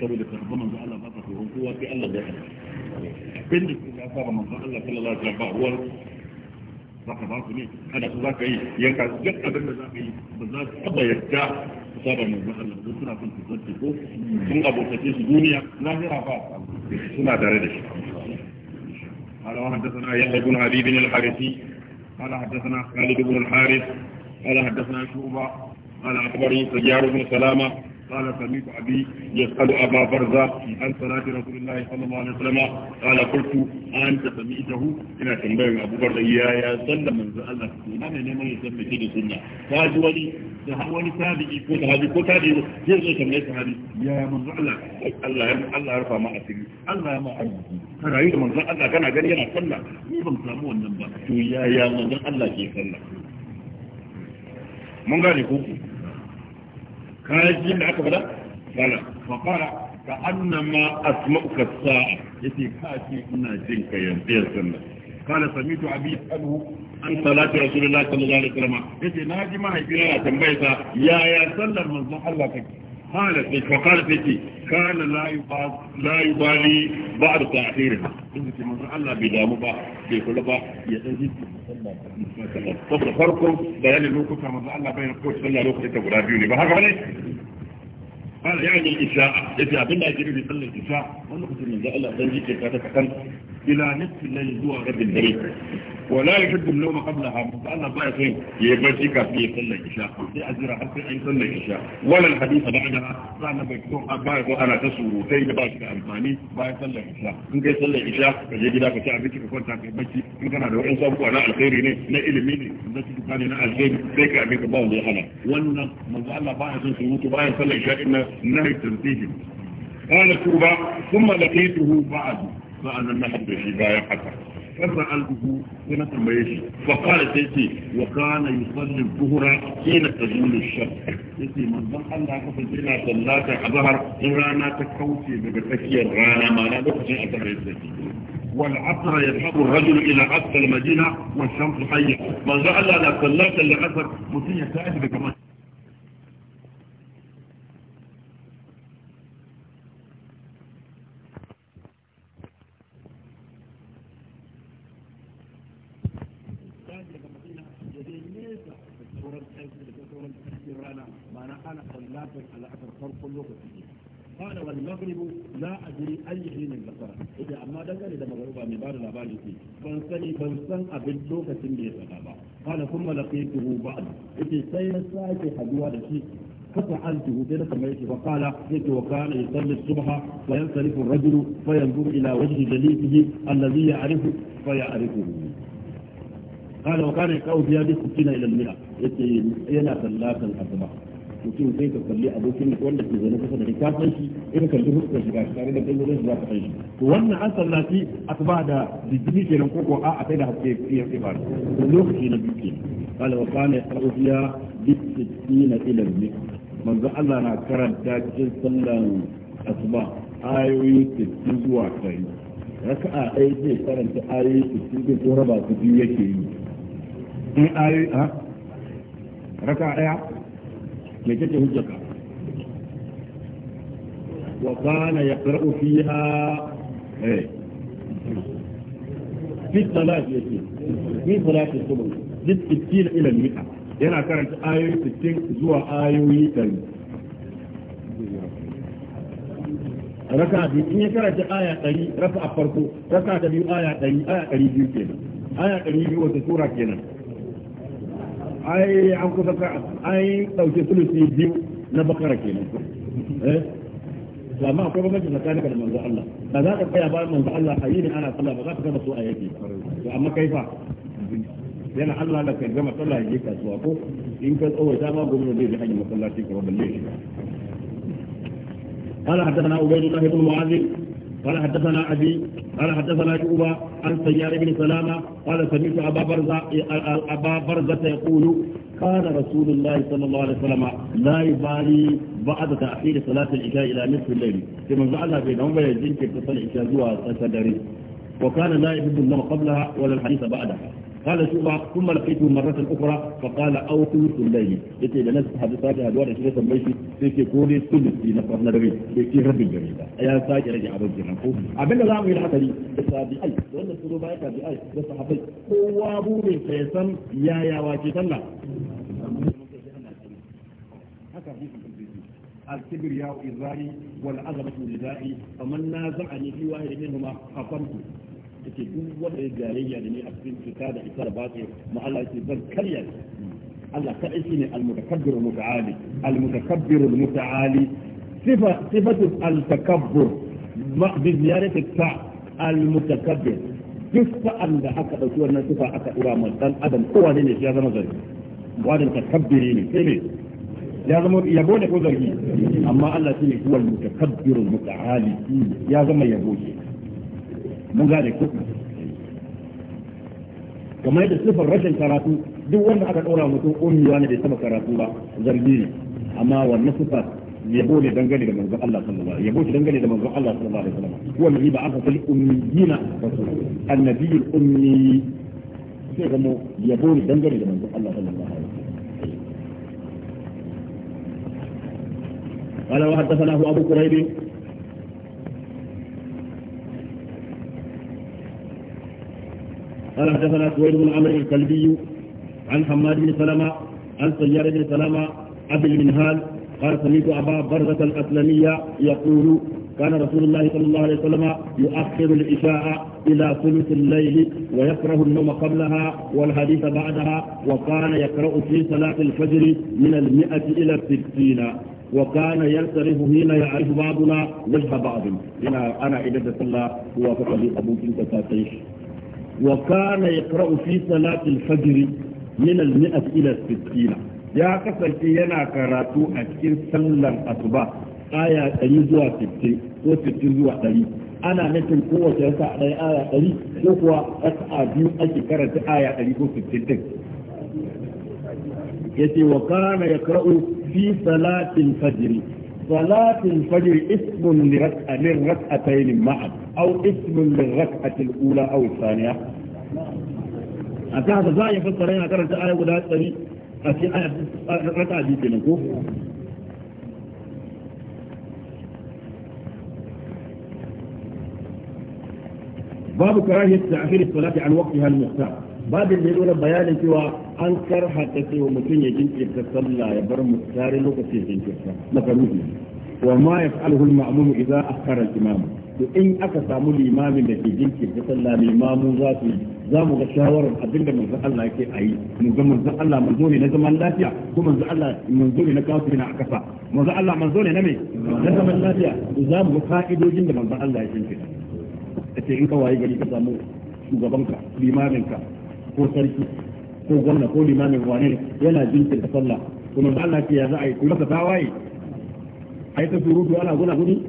saboda karɓar manzo Allah ba ka tsoron kowa sai Allah zai karɓa abin da ya saba manzo Allah sallallahu alaihi wasallam ba ruwan zaka ba ku ne kada su zaka yi yanka duk abin da zaka yi ba za su taba yadda su saba manzo Allah ba suna son su zarce ko sun abokace su duniya lahira ba suna tare da shi قال وحدثنا يحيى بن حبيب الحارثي قال حدثنا خالد بن الحارث قال حدثنا شعبه قال اخبرني سجار بن سلامه قال سميت أبي يسأل أبا برزة عن صلاة رسول الله صلى الله عليه وسلم قال قلت أنت سميته إن تنبيه أبو برزة يا يا سلم من زألك إمام إنما يسمى كده سنة فاجولي تحولي تابعي كنت هذه كنت هذه جزء كم ليس هذه يا من زألك الله الله يرفع ما أسير الله ما أرضي أنا أيضا من زألك كان أجري أنا صلى مين من سامو النبا يا يا من زألك يا سلم من قال يقول kaji da aka fada kana fa fara ka annama asma'uka sa'a yace ka ce ina jin ka yanzu yanzu kana samitu abi anhu an salati rasulullahi sallallahu alaihi wasallam yace naji mahaifina na a tambayar sa yaya sallar manzon Allah kake قال فيك وقال فيك كان لا يبالي لا يبالي بعد تأخيرها إن في مصر الله بدام با في كل با يتجد طب فرقم بيان الوقت كما الله بين القوس صلى الله عليه وسلم بيوني بها قال قال يعني الإشاء إذا أبنى يجري في صلى الإشاء ونقص من ذا الله بيجي كتاتك إلى نصف الليل هو غد الليل ولا يحب النوم قبلها فأنا طائفين يبجيك في صلى العشاء في أزرع حتى أن صلى العشاء ولا الحديث بعدها فأنا بكتور أبايض وأنا تسور تيد باشك ألفاني باي صلى العشاء إن كي صلى العشاء فجيب لك تعبك فكنت في بجي إن كان هذا وإن صابك أنا الخير هنا لا إلي ميني ذاتي تقاني أنا الخير فيك أبيك باوض يحنا وأن مزعلا بايض سنوك بايض صلى العشاء إن نهي ترتيجي قال التوبة ثم لقيته بعد فأنا نحب في بايا حتى farra albuhu sai na tambaye shi fa qala sai ce wa kana yusalli dhuhra hina tazulu shams yace manzon Allah ka fice na sallata azhar in rana ta kauce daga tsakiyar rana ma'ana lokacin azhar ya tsaki والعصر يذهب الرجل الى اقصى المدينه والشمس حيه من ذا الله لا صلاه العصر متي تاتي كمان cikin lokaci ne kana wani magribu na ajiri an yi hinin gasa ita amma dangane da magaruba mai ba da labari ke ban sani ban san abin lokacin da ya tsada ba kana kuma lafi tuhu ba ita sai na sake haduwa da shi kafa an tuhu sai na kamar shi fakala sai ke waka na yi sallin subha wa yan rajulu fa ila wajhi dalilihi allazi arifu fa arifu kana wa kana ya kawo ila mira yake yana sallatan azuma mutum sai ka kalli abokin wanda ke zaune kusa da ka san shi ina kalli fuskar shiga gashi tare da kai wurin shi za shi to wannan an sallaci ba da digiri kenan ko ko a sai da haske ya fi ba da lokaci na biyu kenan qala wa kana ya fiha duk 60 ila al-mi manzo Allah na karanta cikin sallan asuba ayoyi 60 zuwa 100 raka'a ɗaya zai karanta ayoyi 60 ko raba su biyu yake yi in ayoyi a raka'a ɗaya mai kake hujjaka wa kana yaqra'u fiha eh fi salati fi salati subh duk na ila mi'a yana karanta ayoyi sittin zuwa ayoyi 100 raka in ya karanta aya 100 rafa a farko raka ta biyu aya 100 aya 200 kenan aya 200 wata sura kenan ai an kusa ka ai dauke sulusi biyu na bakara kenan eh amma akwai bambanci tsakanin ka da manzo Allah da za ka tsaya bayan manzo Allah a ne ana sallah ba za ka gama su ayati to amma kai fa yana Allah da kai gama sallah yake kasuwa ko in ka tsawaita ma gobe zai ji hanyar masallaci ka wannan ne قال حدثنا عبيد الله بن معاذ قال حدثنا أبي قال حدثنا جوبا عن سيار بن سلامة قال سمعت أبا برزة أبا برزة يقول كان رسول الله صلى الله عليه وسلم لا يبالي بعد تأخير صلاة العشاء إلى نصف الليل كما زعل بينهم ويجين كيف صلاه العشاء زوا وكان لا يحب النوم قبلها ولا الحديث بعدها قال شوبا ثم لقيته مرة أخرى فقال أو ثلث الليل يتي لناس حديث ساجة هدوار الشيء تنبيشي سيكي كوني ثلث في نفر نرمي سيكي رب الجريدة أيا ساجة رجع أبو الجرنقو أبنى لا أمي الحسني التابعي وأن السلوبة يتابعي لصحابي هو أبو من سيسم يا يا واجي تنى haka hadisin kudusi al-kibr ya izari wal azamatu lidai faman naza'ani fi wahid minhuma aqamtu take duk wanda ya gayayya da ni a cikin fita da isar ba ce mu Allah ya ce zan karya Allah kadai shine al-mutakabbir al-muta'ali al-mutakabbir al-muta'ali sifa sifatu al-takabbur bi ziyarati ta al-mutakabbir duk sa'an da aka dauki wannan sifa aka dura ma dan adam kowa ne ya zama zargi wadan takabbiri ne sai ne ya zama yabo ne ko zargi amma Allah shine huwa al-mutakabbir al-muta'ali ya zama yabo shi mun gane ko kamar yadda sifar rashin karatu duk wanda aka ɗora mutum ummiya ne bai taɓa karatu ba zargi ne amma wannan sifa yabo ne dangane da manzon Allah sallallahu alaihi yabo dangane da manzon Allah sallallahu alaihi wasallam wanda ni ba aka fali ummiyina rasul annabi ummi sai ga mu yabo ne dangane da manzon Allah sallallahu alaihi wasallam قال وحدثناه ابو كريب قال حدثنا سويد بن عمرو الكلبي عن حماد بن سلمة عن سيار بن سلمة أبي المنهال قال سميت أبا برزة الأسلمية يقول كان رسول الله صلى الله عليه وسلم يؤخر العشاء إلى ثلث الليل ويكره النوم قبلها والحديث بعدها وكان يقرأ في صلاة الفجر من المئة إلى الستين وكان ينصرف حين يعرف بعضنا وجه بعض أنا أنا إذا صلى هو فقط أبو كنت وكان يقرأ في صلاة الفجر من المئة إلى الستين يا قصر ينا كراتو أكين سلا أصبع آية تريزوا ستين وستين تريز ana nufin kowace rasa a ɗaya aya ɗari ko kuwa rasa biyu ake karanta aya ɗari ko sittin ɗin ya ce ya fajiri صلاة الفجر اسم للركعتين معا أو اسم للركعة الأولى أو الثانية أتاها تزايا في الصلاة أترى الآية ولا تري ركعة دي نقول. باب كراهية تأخير الصلاة عن وقتها المختار babin da ya nuna bayanin cewa an karhata cewa mutum ya jinkirta sallah ya bar mu tare lokacin jinkirta makaruhi wa ma yaf'aluhu al-ma'mum idza akhara al-imam to in aka samu limamin da ke jinkirta sallah limamu za su za mu ga shawarar abinda manzon Allah yake ayi mu ga manzon Allah manzo ne na zaman lafiya ko manzon Allah manzo ne na kafiri na akasa manzon Allah manzo ne na me na zaman lafiya za mu ga fa'idojin da manzon Allah ya jinkirta kace in ka waye gari ka samu shugabanka limaminka ko sarki ko gwamna ko limamin wane yana da sallah kuma ba Allah ya za a yi ku masa tawaye ai ta surutu ana guna guni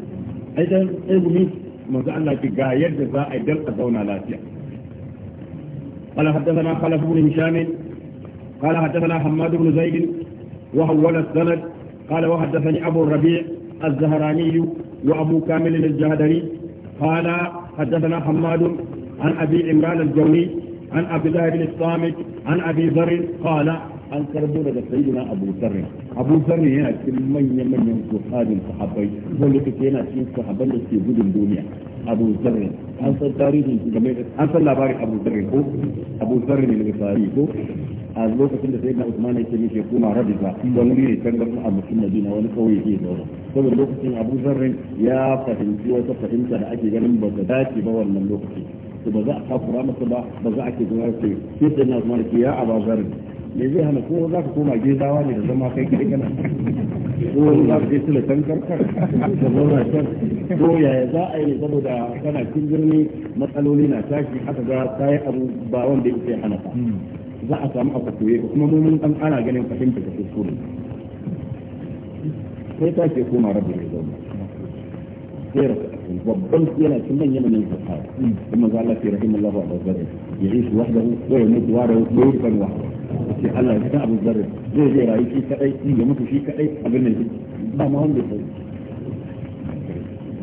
ai ta ai gumi manzo Allah ki ga yadda za a yi dan a zauna lafiya قال حدثنا خلف بن هشام قال حدثنا حماد بن زيد وحول السند قال وحدثني ابو الربيع الزهراني وابو كامل الجهدري قال حدثنا حماد عن ابي عمران الجوني عن عبد الله بن الصامت عن ابي ذر قال an karbo daga sayyidina Abu Sarri Abu Sarri yana cikin manyan manyan sahabin sahabbai wanda kake yana cikin sahabban da gudun duniya Abu Sarri an san tarihin shi game an san labarin ko ne ko a lokacin da sayyidina Usman yake mishi kuma Rabiza wani ne kan garin Abu Madina wani kauye ke zaune saboda lokacin Abu Sarri ya fahimci wata fahimta da ake ganin ba ta dace ba wannan lokacin ba za a takura masa ba ba za a ke zuwa ce sai da na zuwa ke ya a bazar me zai hana ko za ka koma gidawa ne da zama kai kai kana ko za ka je tula kan karkar da zauna can ko yaya za a yi saboda kana cikin birni matsaloli na tashi haka ga kayan abu ba wanda ya hana ka za a samu abu koye kuma mun an ana ganin fahimta ka kuskure sai ta ke koma rabin ya zauna sai وبل يلا كم من يمن ينفقها ثم قال لك رحم الله أبو الزر يعيش وحده ويموت وحده ويرفع وحده في حال هذا أبو الزر زي زي رأي في كأي يموت في كأي أبن الجد ما مهم بيقول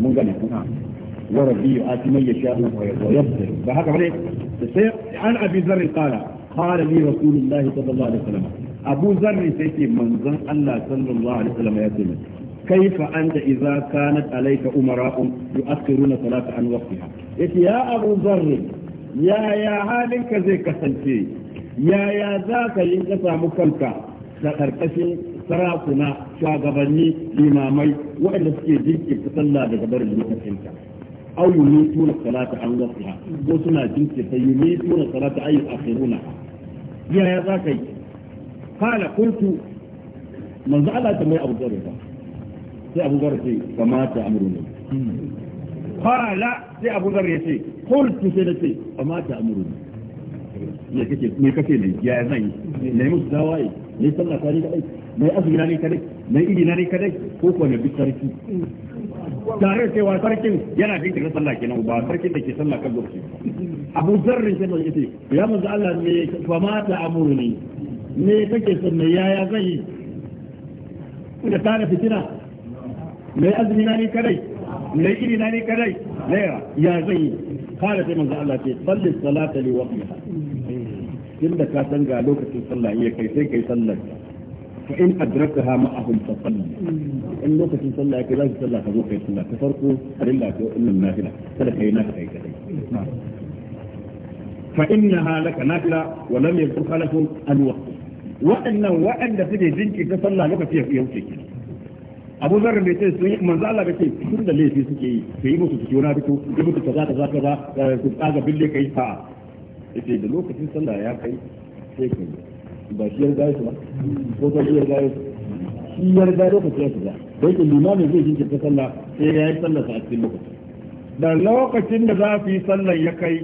من قال لكم نعم. وربي يؤتي من يشاء ويبذل فحق عليك السيق عن أبي الزر قال قال لي رسول الله صلى الله عليه وسلم أبو الزر سيدي من ذن الله صلى الله عليه وسلم يا سيدي كيف أنت إذا كانت عليك أمراء يؤخرون صلاة عن وقتها يا أبو ذر يا يا حالك زي كسنتي يا يا ذاك ينقطع مكمك سأركشن sarakuna shagabanni limamai waɗanda suke jinkirta sallah daga barin lokacinta aw yumituna salata an wasiha ko suna jinkirta yumituna salata ay akhiruna yaya za ka yi kala kuntu manzo Allah ta mai abu sai abu zar ce kamata amuru ne fara sai abu zar ya ce kultu sai da ce kamata amuru ne ya kake ne kake ne ya yi zai ne musu dawaye ne sallah tare da aiki ne azumi na ne kadai ne idi na ne kadai ko kuwa ne bi sarki tare da cewa sarkin yana bin tare sallah kenan ba sarkin da ke sallah kan lokaci abu zarri sai mai ce ya manzo Allah ne fa mata amuru ne ne kake son yaya zai yi da tare fitina mai azumi na ne kadai mai iri na ne kadai naira ya zan yi kala sai manzo Allah ce salli salata li waqtiha tunda ka san ga lokacin sallah ya kai sai kai sallar fa in adraktaha ma'ahum fa salli in lokacin sallah ya kai za ka sallah ka zo kai sallah ta farko arilla ko illan nafila kada kai nafila kai kadai fa innaha laka nafila wa lam yakun khalafu al waqt wa'annan wa'anda suke jinki ta sallah lokaci ya wuce kenan abu zar bai ce sun manzo Allah bai ce sun da laifi suke yi ka yi musu wani duku yi musu kaza kaza kaza su tsaga bille kai fa yace da lokacin sallah ya kai sai ka yi ba shi yarda shi ba ko ta shi yarda shi yarda lokacin ya shiga dai ke limamin zai ta sallah sai ya yi sallah a cikin lokacin da lokacin da za su yi sallah ya kai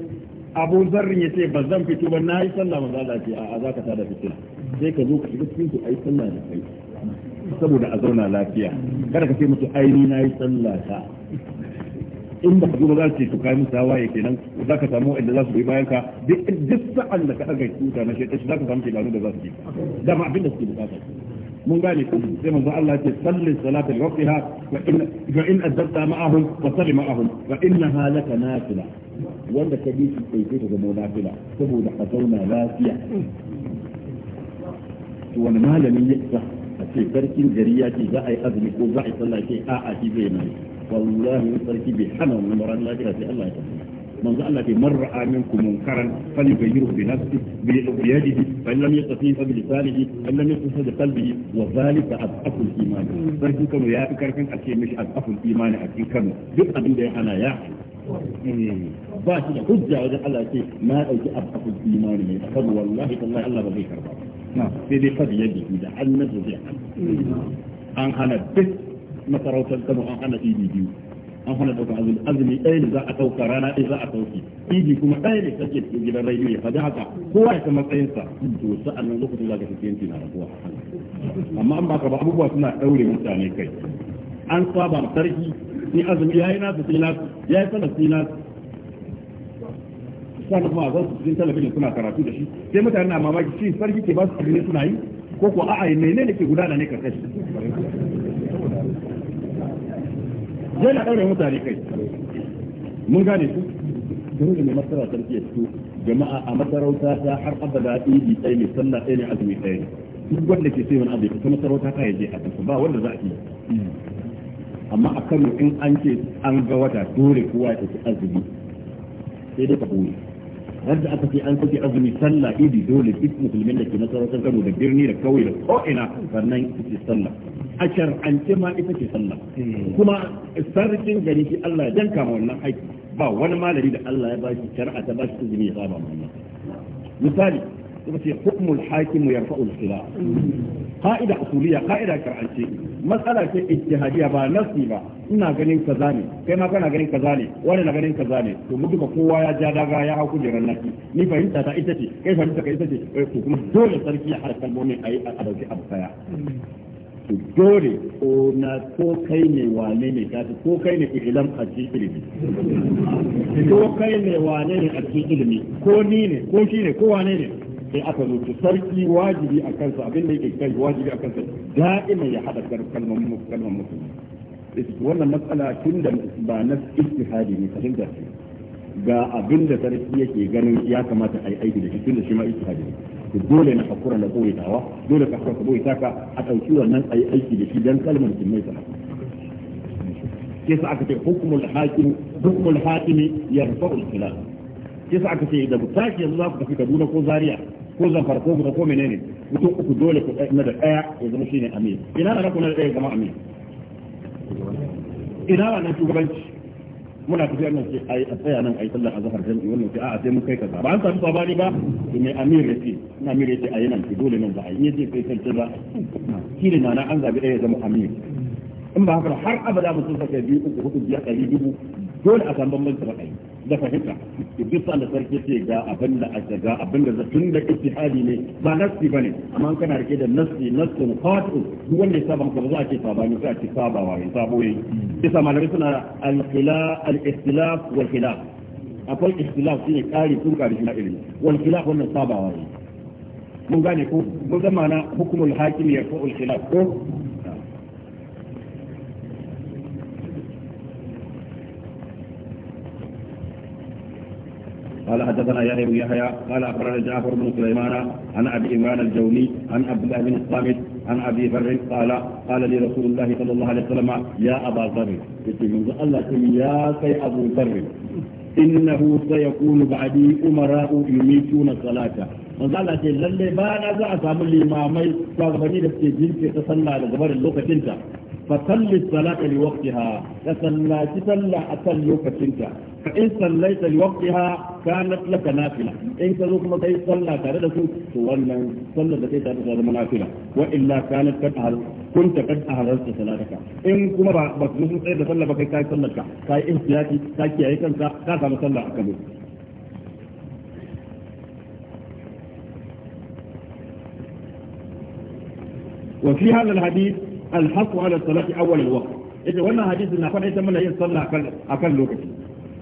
abu zarrin ya ce ba zan fito ba na yi sallah manzo Allah ce a za ka tada fitina sai ka zo ka shiga cikin su a yi sallah da kai saboda a zauna lafiya kada ka ce mutu aini na yi sallata in ba ka zo za su to kai musa waye kenan za ka samu inda za su bi bayan ka duk sa'an da ka tuta na shaitan za ka samu da za su yi dama abin da suke bukata mun gane ku sai manzo Allah ya ce salli salata li waqtiha wa in in ma'ahum wa salli ma'ahum wa innaha laka nafila wanda ka bi kai ta zama nafila saboda ka zauna lafiya to wani malamin ya isa ce sarkin gari ya ce za a yi azumi ko za a yi sallah ce a a shi zai mai wallahi sarki bai hana wannan maran lafiya sai Allah ya tabbata manzo Allah ke man ra'a ku munkaran fali bai yiru bi nafsi bi yadihi fa lam yatafi fa bi lisanihi fa lam yatafi bi qalbihi wa zalika adhafu al-iman sarki kano ya fi karfin a ce mishi adhafu al-iman a cikin kano duk abin da ya hana ya ba shi da hujja wajen Allah ce na dauki adhafu al-iman ne kan wallahi tallahi Allah ba zai karba sai dai fadi yadda da annabi zai an hana duk masarautar kano an hana ibi biyu an hana ɗaukar azumi azumi ɗaya ne za a ɗauka rana ɗaya za a ɗauki idi kuma ɗaya ne kake cikin gidan rediyo ya faɗi haka kowa ya san matsayinsa to sa'an nan lokacin za ka fi yanci na rabuwa amma an baka ba abubuwa suna ɗaure mutane kai an saba sarki ni azumi yayi nasu sai nasu yi sallar sai nasu sannan kuma za su cikin talabijin suna karatu da shi sai mutane na mamaki shi sarki ke ba su abin suna yi ko ko a'a menene ke gudana ne karkashi yana ɗaure mutane kai mun gane su dole ne masara sarki ya fito jama'a a masarauta ta har abada idi ɗaya ne sallah ɗaya ne azumi ɗaya ne duk wanda ke sai wani abu ya masarauta ta yaje a kansa ba wanda za a yi amma a kano in an ce an ga wata dole kowa ya tafi azumi sai dai ka buri wadda aka ce an kace azumi sallah idi dole duk musulmin da ke masarautar Kano da birni da kauye da ko'ina sannan ita ce sallah a shar'ance ma ita ce sallah hmm. kuma sarkin gari shi Allah ya janka ma wannan aiki ba wani malami da Allah ya ba shi shar'a ta ba shi izini ya saba ma misali kuma ce hukmul hakim yarfa'ul khilaf hmm. ka'ida asuliya ka'ida karance matsala ce ijtihadiya ba nasi ba ina ganin kaza ne kai ma kana ganin kaza ne wani na ganin kaza ne to duka kowa ya ja daga ya hau kujeran nasi ni fahimta ta ita ce kai fahimta ka ita ce kai eh, ko kuma dole sarki har hada kalmomi a yi a dauki abu kaya to dole ko na ko kai ne wane ne ka ce ko kai ne ilm a cikin ilimi ko kai ne wane ne a ilimi ko ni ne ko shi ne ko wane ne sai aka zo sarki wajibi a kansa abin da yake kai wajibi a kansa da'ima ya hada kalmar kalmar musulmi wannan matsala tun da ba na istihadi ne fahimta ce ga abin da sarki yake ganin ya kamata a yi aiki da shi tun da shi ma istihadi ne dole na hakura da koyatawa dole ka hakura ka koyata a ɗauki wannan a yi aiki da shi don kalmar musulmai sana sai sa aka ce hukumul hakimi hukumul hakimi yarfa'ul khilaf yasa aka ce da ku tashi yanzu za ku tafi Kaduna ko Zaria ko Zamfara ko Buka ko menene mutum uku dole ku na da daya ya zama shine amin. ina da ku na da daya zama amin. ina wannan shugabanci muna tafiyar nan sai a tsaya nan ai sallar azhar sai wannan sai a sai mun kai kaza ba an samu sabani ba ne amir ya ce na amir ya ce ai nan dole nan ba a yi. ai ce kai kai ba shi ne na an zabi daya zama amir in ba haka har abada mutum saka biyu uku hudu biyar ɗari dubu dole a samu bambanci ra'ayi da fahimta duk sa da sarki ce ga abin da aka ga abin da zafin da ijtihadi ne ba nasti ne amma kana rike da nasti nassun qatu duk wanda ya saba maka ba za a ce saba ne sai a ce saba wa sabo yi bisa malamai suna al-khilaf al-ikhtilaf wal khilaf akwai ikhtilaf shine kare turka da shi na ilimi wal khilaf wannan sabawa ne mun gane ko mun zama na hukumul ya yarfa'ul khilaf ko قال حدثنا يحيى بن يحيى قال اخبرنا جعفر بن سليمان عن ابي ايمان الجوني عن عبد الله بن الصامت عن ابي ذر قال قال لي رسول الله صلى الله عليه وسلم يا ابا ذر الله يا سي ابو ذر إنه سيكون بعدي أمراء يميتون الصلاة من قال لك ba na za a samu limamai shugabanni da suke jinke ta sallah da الصلاه لوقتها fa salli salata li waqtiha فإن صليت لوقتها كانت لك نافلة إن صليت صلى تردس ولا صلى لك تردس منافلة وإلا كانت قد أهل كنت قد أهلت صلاتك إن كما بك مثل سيدة صلى بكي كاي صلى كاي كاي إحتياكي كاي كي كاي كاي كاي صلى أكبر وفي هذا الحديث الحق على الصلاة أول الوقت إذا وانا حديث نحن إذا من يصلى أكل لوكتي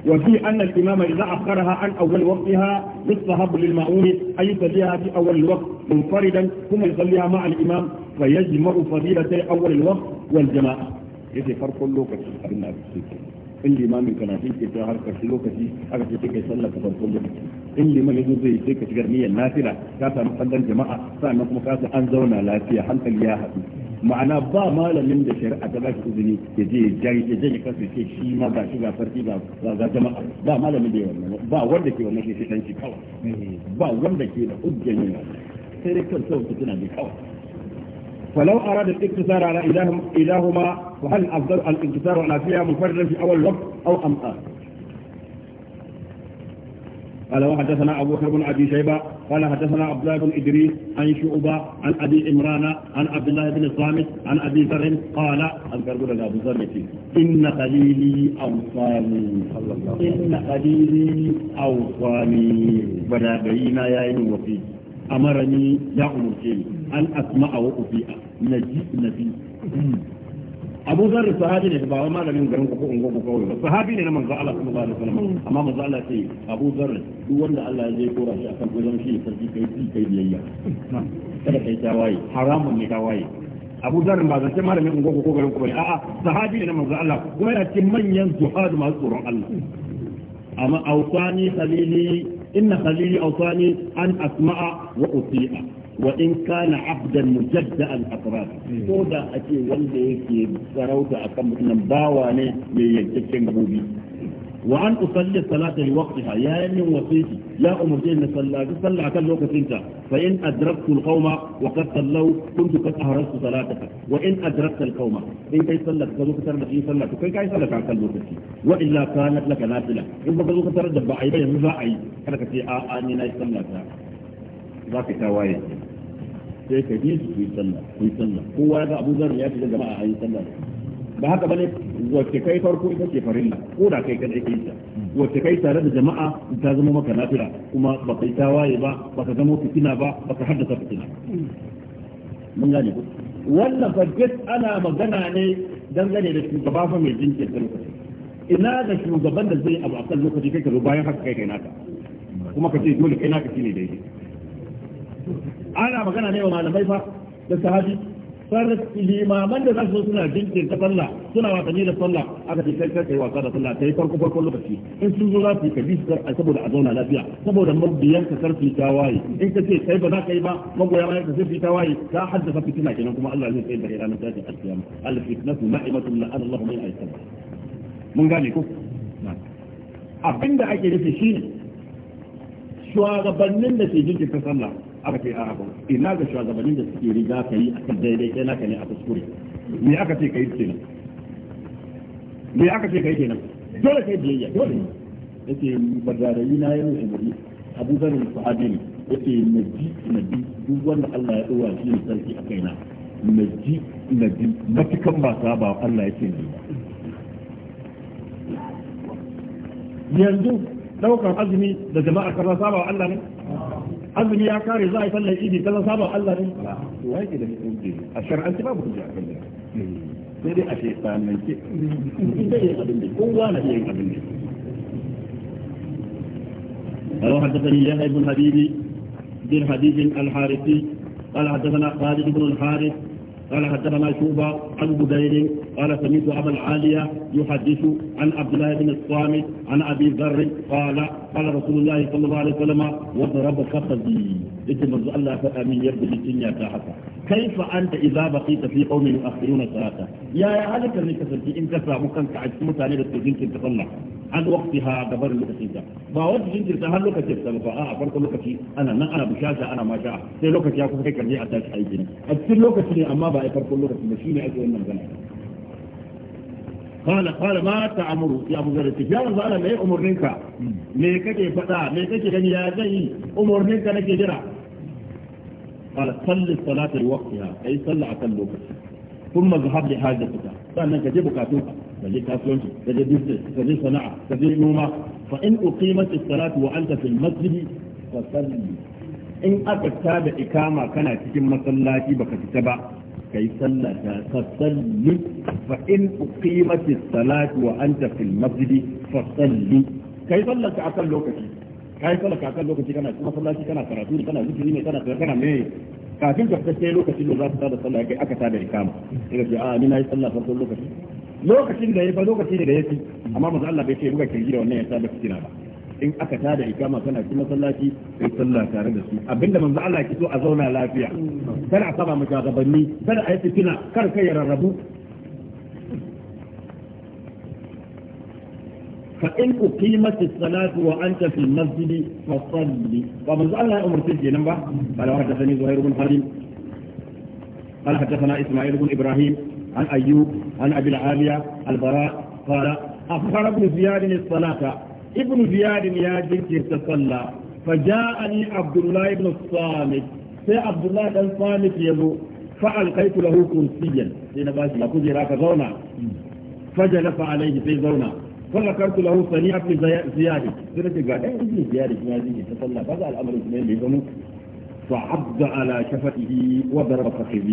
وفي أن الإمام إذا أخرها عن أول وقتها يستحب للمأمون أن يصليها في أول الوقت منفردا ثم يصليها مع الإمام فيجمع فضيلتي أول الوقت والجماعة. إذا فرق الوقت إن الإمام كان في الإتهار كرش لوكسي أكثر تلك يسلى فرق الوقت إن لما يجوز يتلك تقرنية نافلة كاتا مقدم جماعة سأنا مقاسة أنزونا لا تيحن تلياها ma'ana ba malamin da shari'a ta bashi izini ya je ya jari ya janye ce shi ma ba shi ga sarki ba ga jama'a ba malamin da wannan ba wanda ke wannan shi shi kawai ba wanda ke da hujjan yin sai dai kan sauki tana ne kawai فلو أراد الاقتصار على إلهما فهل أفضل الانتصار على فيها مفردا في أول وقت أو أمآن قال وحدثنا أبو بكر بن أبي شيبة قال حدثنا عبد الله بن إدريس عن شعبة عن أبي عمران عن عبد الله بن الصامت عن أبي ذر قال أذكر قول أبو ذر إن خليلي أوصاني إن خليلي أوصاني بدا بينا يا إن وفي أمرني يا أمرتني أن أسمع وأطيع نجي نبي abu zarri sahabi ne ba malamin garin ku ko ungo ku kawai ba sahabi ne na manzo Allah sallallahu alaihi wasallam hmm. amma manzo Allah ce abu zarri duk wanda Allah zai kora shi akan wajen shi sarki kai shi kai biyayya hmm. kada kai tawaye haramun ne tawaye abu zarri ba zance malamin ungo ku ko garin ku bane a'a sahabi ne na manzo Allah kuma yana cikin manyan zuhad masu tsoron Allah amma awsani khalili inna khalili awsani an asma'a wa uti'a وإن كان عبدا مجدع الأطراف تودا أتي wanda yake sarauta akan mutum bawa ne mai yankakken gobe وأن أصلي الصلاة لوقتها يا من وصيتي لا أمرتني أن صلى صلى كان لوقت أنت فإن أدركت القوم وقد صلوا كنت قد أهرست صلاتك وإن أدركت القوم إن كي صلى كذوك ترى في صلاة كي كي صلى كان كان لوقت وإلا كانت لك نافلة إن كذوك ترى دبعي بين مزاعي كذا كتي آآني ناي صلى ذاك توايه sai ka bi su yi sallah ku yi sallah kowa ga Abu Zar ya ce jama'a yi sallah ba haka bane wacce kai farko ita ce farilla ko da kai kadai kai ta wacce kai tare da jama'a ta zama maka nafila kuma ba kai ta waye ba ba ka zama fitina ba ba ka haddasa fitina mun gane ku wannan fa ana magana ne dangane da shugaba fa mai jinkirta lokaci ina da shugaban da zai abu a kan lokaci kai ka zo bayan haka kai kai naka kuma ka ce dole kai naka shine daidai ana magana ne wa malamai fa da sahabi farar limaman da za suna suna jinkirta sallah suna wasanni da sallah aka ce kai kai wasa da sallah kai farko farko lokaci in sun zo za su kabi saboda a zauna lafiya saboda mabiyan ka karfi ta waye in ka ce kai ba za ka yi ba magoya bayan ka karfi ta waye ka haddasa fitina kenan kuma Allah zai tsaye da kai ranar tashin alkiyama al fitnatu ma'imatun la Allah min aisan mun gane ko abinda ake nufi shine shugabannin da ke jinkirta sallah aka ce a'a ina ga shugabannin da suke riga ka yi akan daidai kai naka ne a kuskure me aka ce kai kenan me aka ce kai kenan dole kai biyayya dole yace bazarayi na yayin umuri Abu Dharr sahabi ne yace nabi nabi duk wanda Allah ya dora shi ne sarki a kaina nabi nabi matukan ba sa ba Allah ya yake ni. yanzu daukan azumi da jama'a kan saba Allah ne أبني يا كاري زاي فلا يجيدي كذا صابع الله لا هو هيك اللي يقول الشرع أنت ما بتجع فلا تري أشيطان من شيء أنت يا قبلي هو أنا يا قبلي روح حدثني يا ابن حبيبي بن حديث الحارثي قال حدثنا خالد بن الحارث قال حدثنا شوبة عن بدير قال سمعت أبا العالية يحدث عن عبد الله بن الصامت عن أبي ذر قال قال رسول الله صلى الله عليه وسلم وضرب فخذي يجب أن الله فأمين يبدو الدنيا تحت كيف أنت إذا بقيت في قوم يؤخرون الصلاة يا يا هلك اللي كسرتي إن كسر ممكن تعجز متعني بالتجين كنت تطلع عن وقتها قبل اللوكتين ده ما هو تجين كنت هل لوكتين ده فآه أفرت لوكتي أنا ما أنا بشاشة أنا ما شاء سي لوكتي أكون فكر لي أتاش حيجين أتسل لوكتي أما بأي فرق لوكتي مشيني أجو إنما kwana kwana ma ta amuru ya abu zarafi ya wanzu ana mai umarninka me kake faɗa da ikama kana cikin masallaci baka fita ba kai sallah ta fasalli fa in uqimati wa anta fil masjid fasalli kai sallah ta akan lokaci kai sallah ka akan lokaci kana kuma kana karatu kana zikiri ne kana kana me kafin ka fita lokacin da za ka tada sallah kai aka tada ikama sai ka ce a ah, ni na yi sallah farkon lokaci lokacin da ya fa lokaci da ya fi amma manzo Allah bai ce buga kirji ya fitina ba in aka tada ikama kana cikin masallaci kai sallah tare da su abinda manzo Allah ya so a zauna lafiya kar a saba maka gabanni kar a yi fitina kar kai ya rarrabu fa in ku qimatu salati wa anta fil masjid fa salli wa manzo Allah ya umurta kenan ba bala wa hadathani zuhair bin harim قال حدثنا اسماعيل بن ابراهيم عن ايوب عن ابي العاليه البراء قال اخبر ابن زياد الصلاه ibn ziyad ya jinkirta sallah fa dan samit yazo fa alqaitu kujera ka zauna fa jalasa alayhi sai zauna fa zakartu lahu sani'a fi ziyad sai nake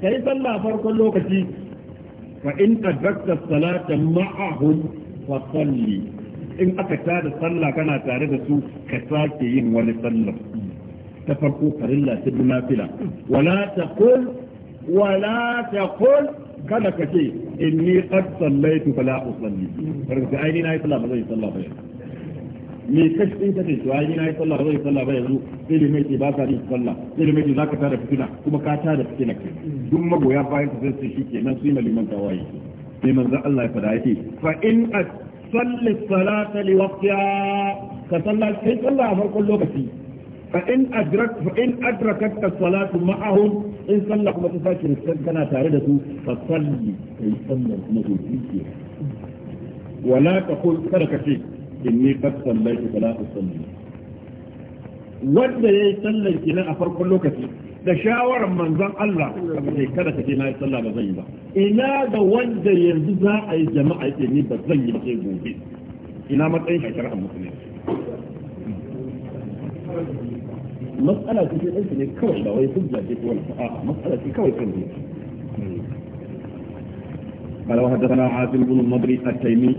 kai sallah farkon lokaci fa in qaddakta salata ma'ahum fa salli in aka ta da sallah kana tare da su ka sake yin wani sallah ta farko farin farilla ta nafila wala taqul wala taqul kada kace inni qad sallaitu fala usalli karka ai ni na yi sallah ba zai sallah ba me kashi din take to ai na yi sallah ba zai sallah ba yanzu sai da mai ke ba ka yin sallah sai da mai ke zaka tada fitina kuma ka tada fitina ke duk magoya bayan ka sai shi kenan su yi maliman tawaye sai manzo Allah ya fada yake fa in salli salata li waqtiha ka sallah sai sallah a farkon lokaci fa in adrak fa in adrakat as-salatu ma'ahum in sallah kuma ta sake kana tare da su fa salli kai sallah kuma ku wala taqul kada ka ce inni qad sallaitu fala usalli wanda yayi sallar kenan a farkon lokaci da shawarar manzon Allah kamar sai kada ka je na sallah ba zan yi ba ina ga wanda yanzu za a yi jama'a yake ni ba zan yi ba sai gobe ina matsayin shakar a musulmi matsala ce ɗansu ne kawai ba wai hujja ce ko wani a'a matsala ce kawai kan ne قال وحدثنا عاصم بن النضري التيمي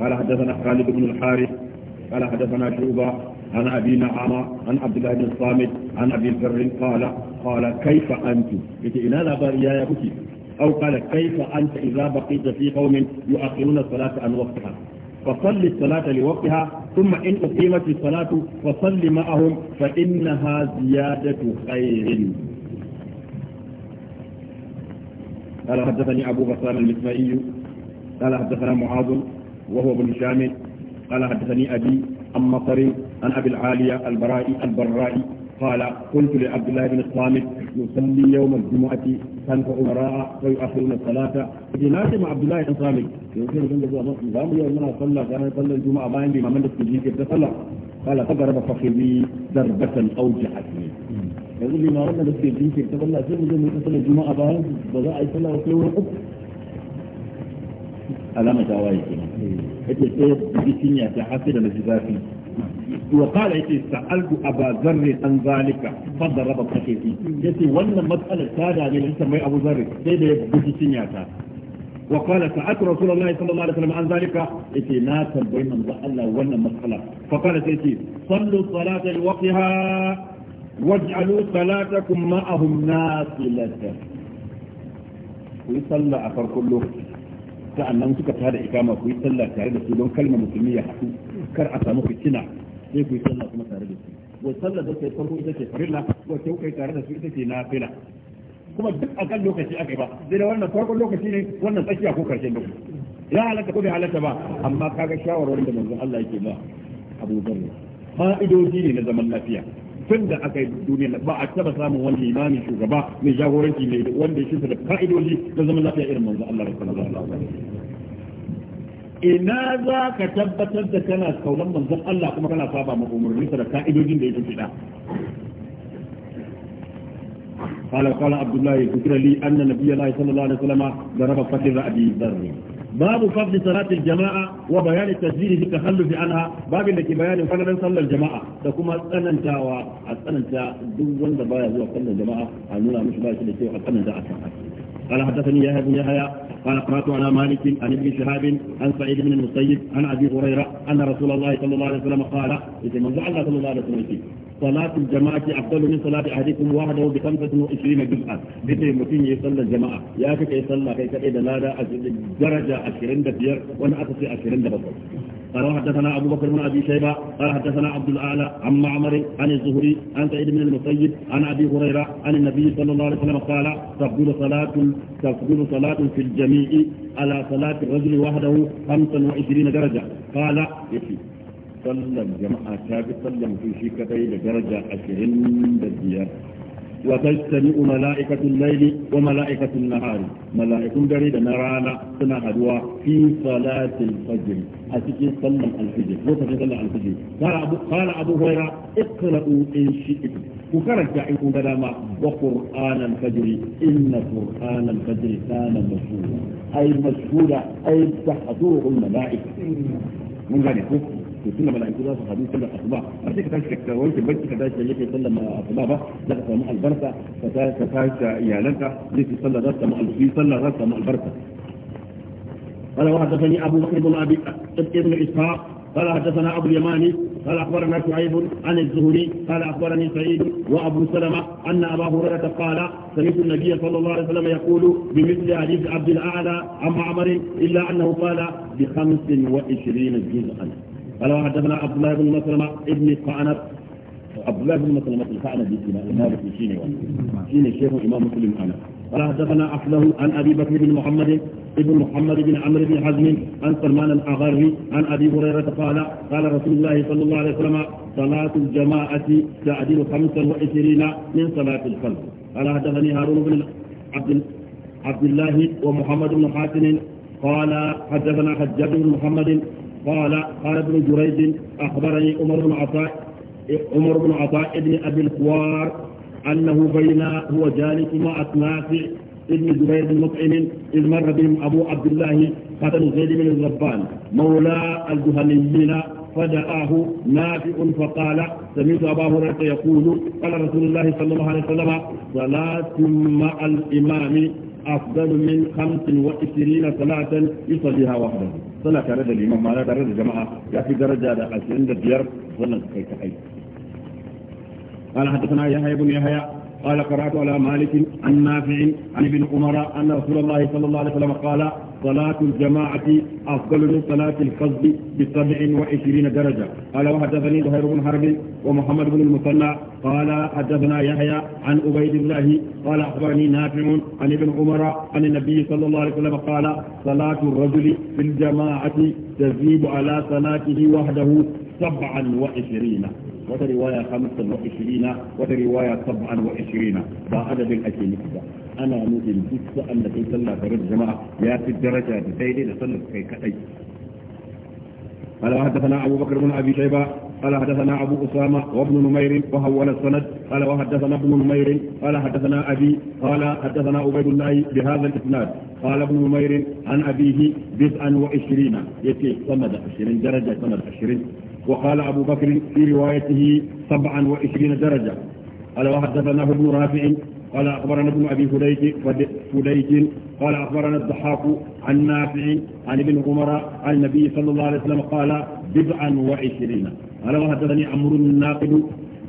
قال حدثنا خالد بن الحارث قال حدثنا شعبة عن أبي نعمة عن عبد الله بن الصامت عن أبي الفر قال قال كيف أنت يتي إلى بريا يا بكي أو قال كيف أنت إذا بقيت في قوم يؤخرون الصلاة عن وقتها فصل الصلاة لوقتها ثم إن أقيمت الصلاة فصل معهم فإنها زيادة خير قال حدثني أبو غسان المسمائي قال حدثنا معاذ وهو بن هشام قال حدثني أبي عن مطر عن أبي العالية البراء البراء قال قلت لعبد الله بن الصامت يصلي يوم الجمعة خلف أمراء ويؤخرون الصلاة في ناس مع عبد الله بن الصامت يقول لهم جزاء مصر يوم أنا صلى كان يصلى الجمعة ما عندي ما من التجهيز يتصلى قال فضرب فخذي ضربة أوجعتني يقول لي ما رمى التجهيز يتصلى كيف يصلى الجمعة بان بضاعي يصلى وكيف يقول alama ta waye kenan yace sai bikin ya ta hafi da naji zafi wa qala yace sa'altu aba zarr an zalika fa daraba kafifi yace wannan matsalar ta da ne ta mai abu zarr sai da bikin ya ta wa qala sa'at rasulullahi sallallahu alaihi wasallam an zalika yace na tambayi ba Allah wannan matsala fa qala sai yace sallu salatal waqtiha waj'alu salatakum ma'ahum nasilatan ku salla a farkon lokaci sa'annan suka tada ikama ku yi sallah tare da su don kalmar musulmi ya haɗu kar a samu fitina sai ku yi sallah kuma tare da su wa sallah da kai farko ita ce farilla wa kai kai tare da su ita ce nafila kuma duk a kan lokaci aka yi ba sai da wannan farkon lokaci ne wannan tsakiya ko karshen lokaci ya halatta ko bai halatta ba amma kaga shawarwarin da manzon Allah yake ba Abu Dharr fa'idoji ne na zaman lafiya tun da aka yi duniya ba a taba samun wani limami shugaba mai jagoranci ne wanda shi da fa'idoli da zaman lafiya irin manzo Allah sallallahu alaihi wasallam ina za ka tabbatar da kana kaunan manzon Allah kuma kana saba ma umarninsa da ka'idojin da yake fida قال قال عبد الله ذكر لي ان نبي الله صلى الله عليه وسلم ضرب فتر ابي ذر babu fadli salatil jama'a wa bayani tasdiri fi tahallufi anha babin da ke bayanin fadalan sallar jama'a da kuma tsanantawa a tsananta duk wanda baya zuwa sallar jama'a a nuna mishi ba shi da cewa a tsananta a kan قال حدثني يحيى بن يحيى قال قرات على مالك عن ابن شهاب عن سعيد بن المسيب عن ابي هريره ان رسول الله صلى الله عليه وسلم قال اذا من الله صلى الله عليه وسلم صلاة الجماعة أفضل من صلاة أحدكم وحده ب 25 جزءا بيتي متين يصلى الجماعة يا كي يصلى كي كي دلالا درجة 25 وأنا أتصل 27 قال حدثنا أبو بكر بن أبي شيبة قال حدثنا عبد الأعلى عن معمر عن الزهري عن سعيد بن المسيب عن أبي هريرة عن النبي صلى الله عليه وسلم قال تفضل صلاة تفضل صلاة في الجميع على صلاة الرجل وحده 25 درجة قال يكفي صلى الجماعة كافي صلى في شيكتين درجة درجة وتجتمع ملائكة الليل وملائكة النهار ملائكة دريد نرانا سنة هدوى في صلاة الفجر أتكي صلى الفجر وصفي صلى الفجر قال أبو, قال أبو هريرة اقرأوا إن شئتم وكرت يعيكم كلاما وقرآن الفجر إن قرآن الفجر كان مشهورا أي مشهورا أي تحضره الملائكة من ذلك to tunda mala'iku za حديث hadu sallar asuba har sai ka tashi ka wanke barci ka tashi yake sallar asuba ba za ka samu albarka ka tashi ka tashi iyalanka zai fi sallar za ka قال ابو بكر بن ابي ابن اسحاق قال حدثنا ابو اليماني قال اخبرنا شعيب عن الزهري قال اخبرني سعيد وابو سلمه ان ابا هريره قال سمعت النبي صلى الله عليه وسلم يقول بمثل حديث عبد الاعلى عن معمر الا انه قال بخمس وعشرين جزءا قال وحدثنا عبد الله بن مسلمة ابن قعنب عبد الله بن مسلمة القعنب بن سينا إمام سينا سينا شيخ الإمام مسلم قعنب قال حدثنا أحله عن أبي بكر بن محمد ابن محمد بن عمرو بن حزم عن سلمان الأغاري عن أبي هريرة قال قال رسول الله صلى الله عليه وسلم صلاة الجماعة تعدل 25 من صلاة الفجر قال حدثني هارون بن عبد عبد الله ومحمد بن حاتم قال حدثنا حجاج بن محمد قال قال ابن جريج أخبرني عمر بن عطاء عمر بن عطاء بن أبي الخوار أنه بين هو جالس مع اسماك ابن جريج بن مطعم إذ مر بهم أبو عبد الله قتل زيد بن الربان مولى الجهنميين فدعاه نافع فقال سمعت أبا هريرة يقول قال رسول الله صلى الله عليه وسلم صلاة مع الإمام أفضل من خمس وعشرين صلاة يصليها وحده sana tare da liman ma tare da jama'a ya fi daraja da 25 wannan kai ta kai قال حدثنا يحيى قال قرأت على مالك عن نافع عن ابن عمر أن رسول الله صلى الله عليه وسلم قال صلاة الجماعة أفضل من صلاة القصد ب 27 درجة قال وحدثني زهير بن حرب ومحمد بن المثنى قال حدثنا يحيى عن عبيد الله قال أخبرني نافع عن ابن عمر عن النبي صلى الله عليه وسلم قال صلاة الرجل في الجماعة تزيد على صلاته وحده سبعا وعشرين وده رواية خمسا وعشرين وده رواية سبعا وعشرين با عدد الأكيد أنا نزل بس أن في صلى فرد جماعة يا في الدرجة بسيدي لصلى كي كأي قال حدثنا أبو بكر بن أبي شيبة قال حدثنا أبو أسامة وابن نمير وهول السند قال وحدثنا ابن نمير قال حدثنا أبي قال حدثنا عبيد الله بهذا الإسناد قال ابن نمير عن أبيه بضعا وعشرين يتي سند عشرين درجة سند عشرين وقال أبو بكر في روايته 27 درجة قال وحدثناه ابن رافع قال أخبرنا ابن أبي فليج فليج قال أخبرنا الضحاك عن نافع عن ابن عمر عن النبي صلى الله عليه وسلم قال بضعا وعشرين قال وحدثني عمرو الناقد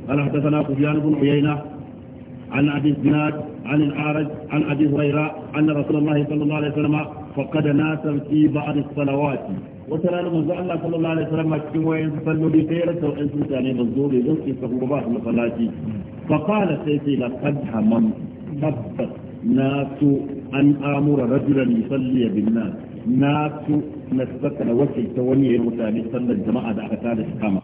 قال حدثنا سفيان بن عيينة عن أبي الزناد عن الأعرج عن أبي هريرة أن رسول الله صلى الله عليه وسلم فقد ناسا في بعض الصلوات wata rana manzo Allah sallallahu alaihi wasallam cikin wayan salloli sai ya rasa wayan mutane ba zo bai zo ke sabu ba Allah salati fa qala sai sai la qad hamam tabbat na tu an amura rajulan yusalli bin nas na tu na saka na wakilta wani yayin mutane sallar jama'a da aka tada shi kama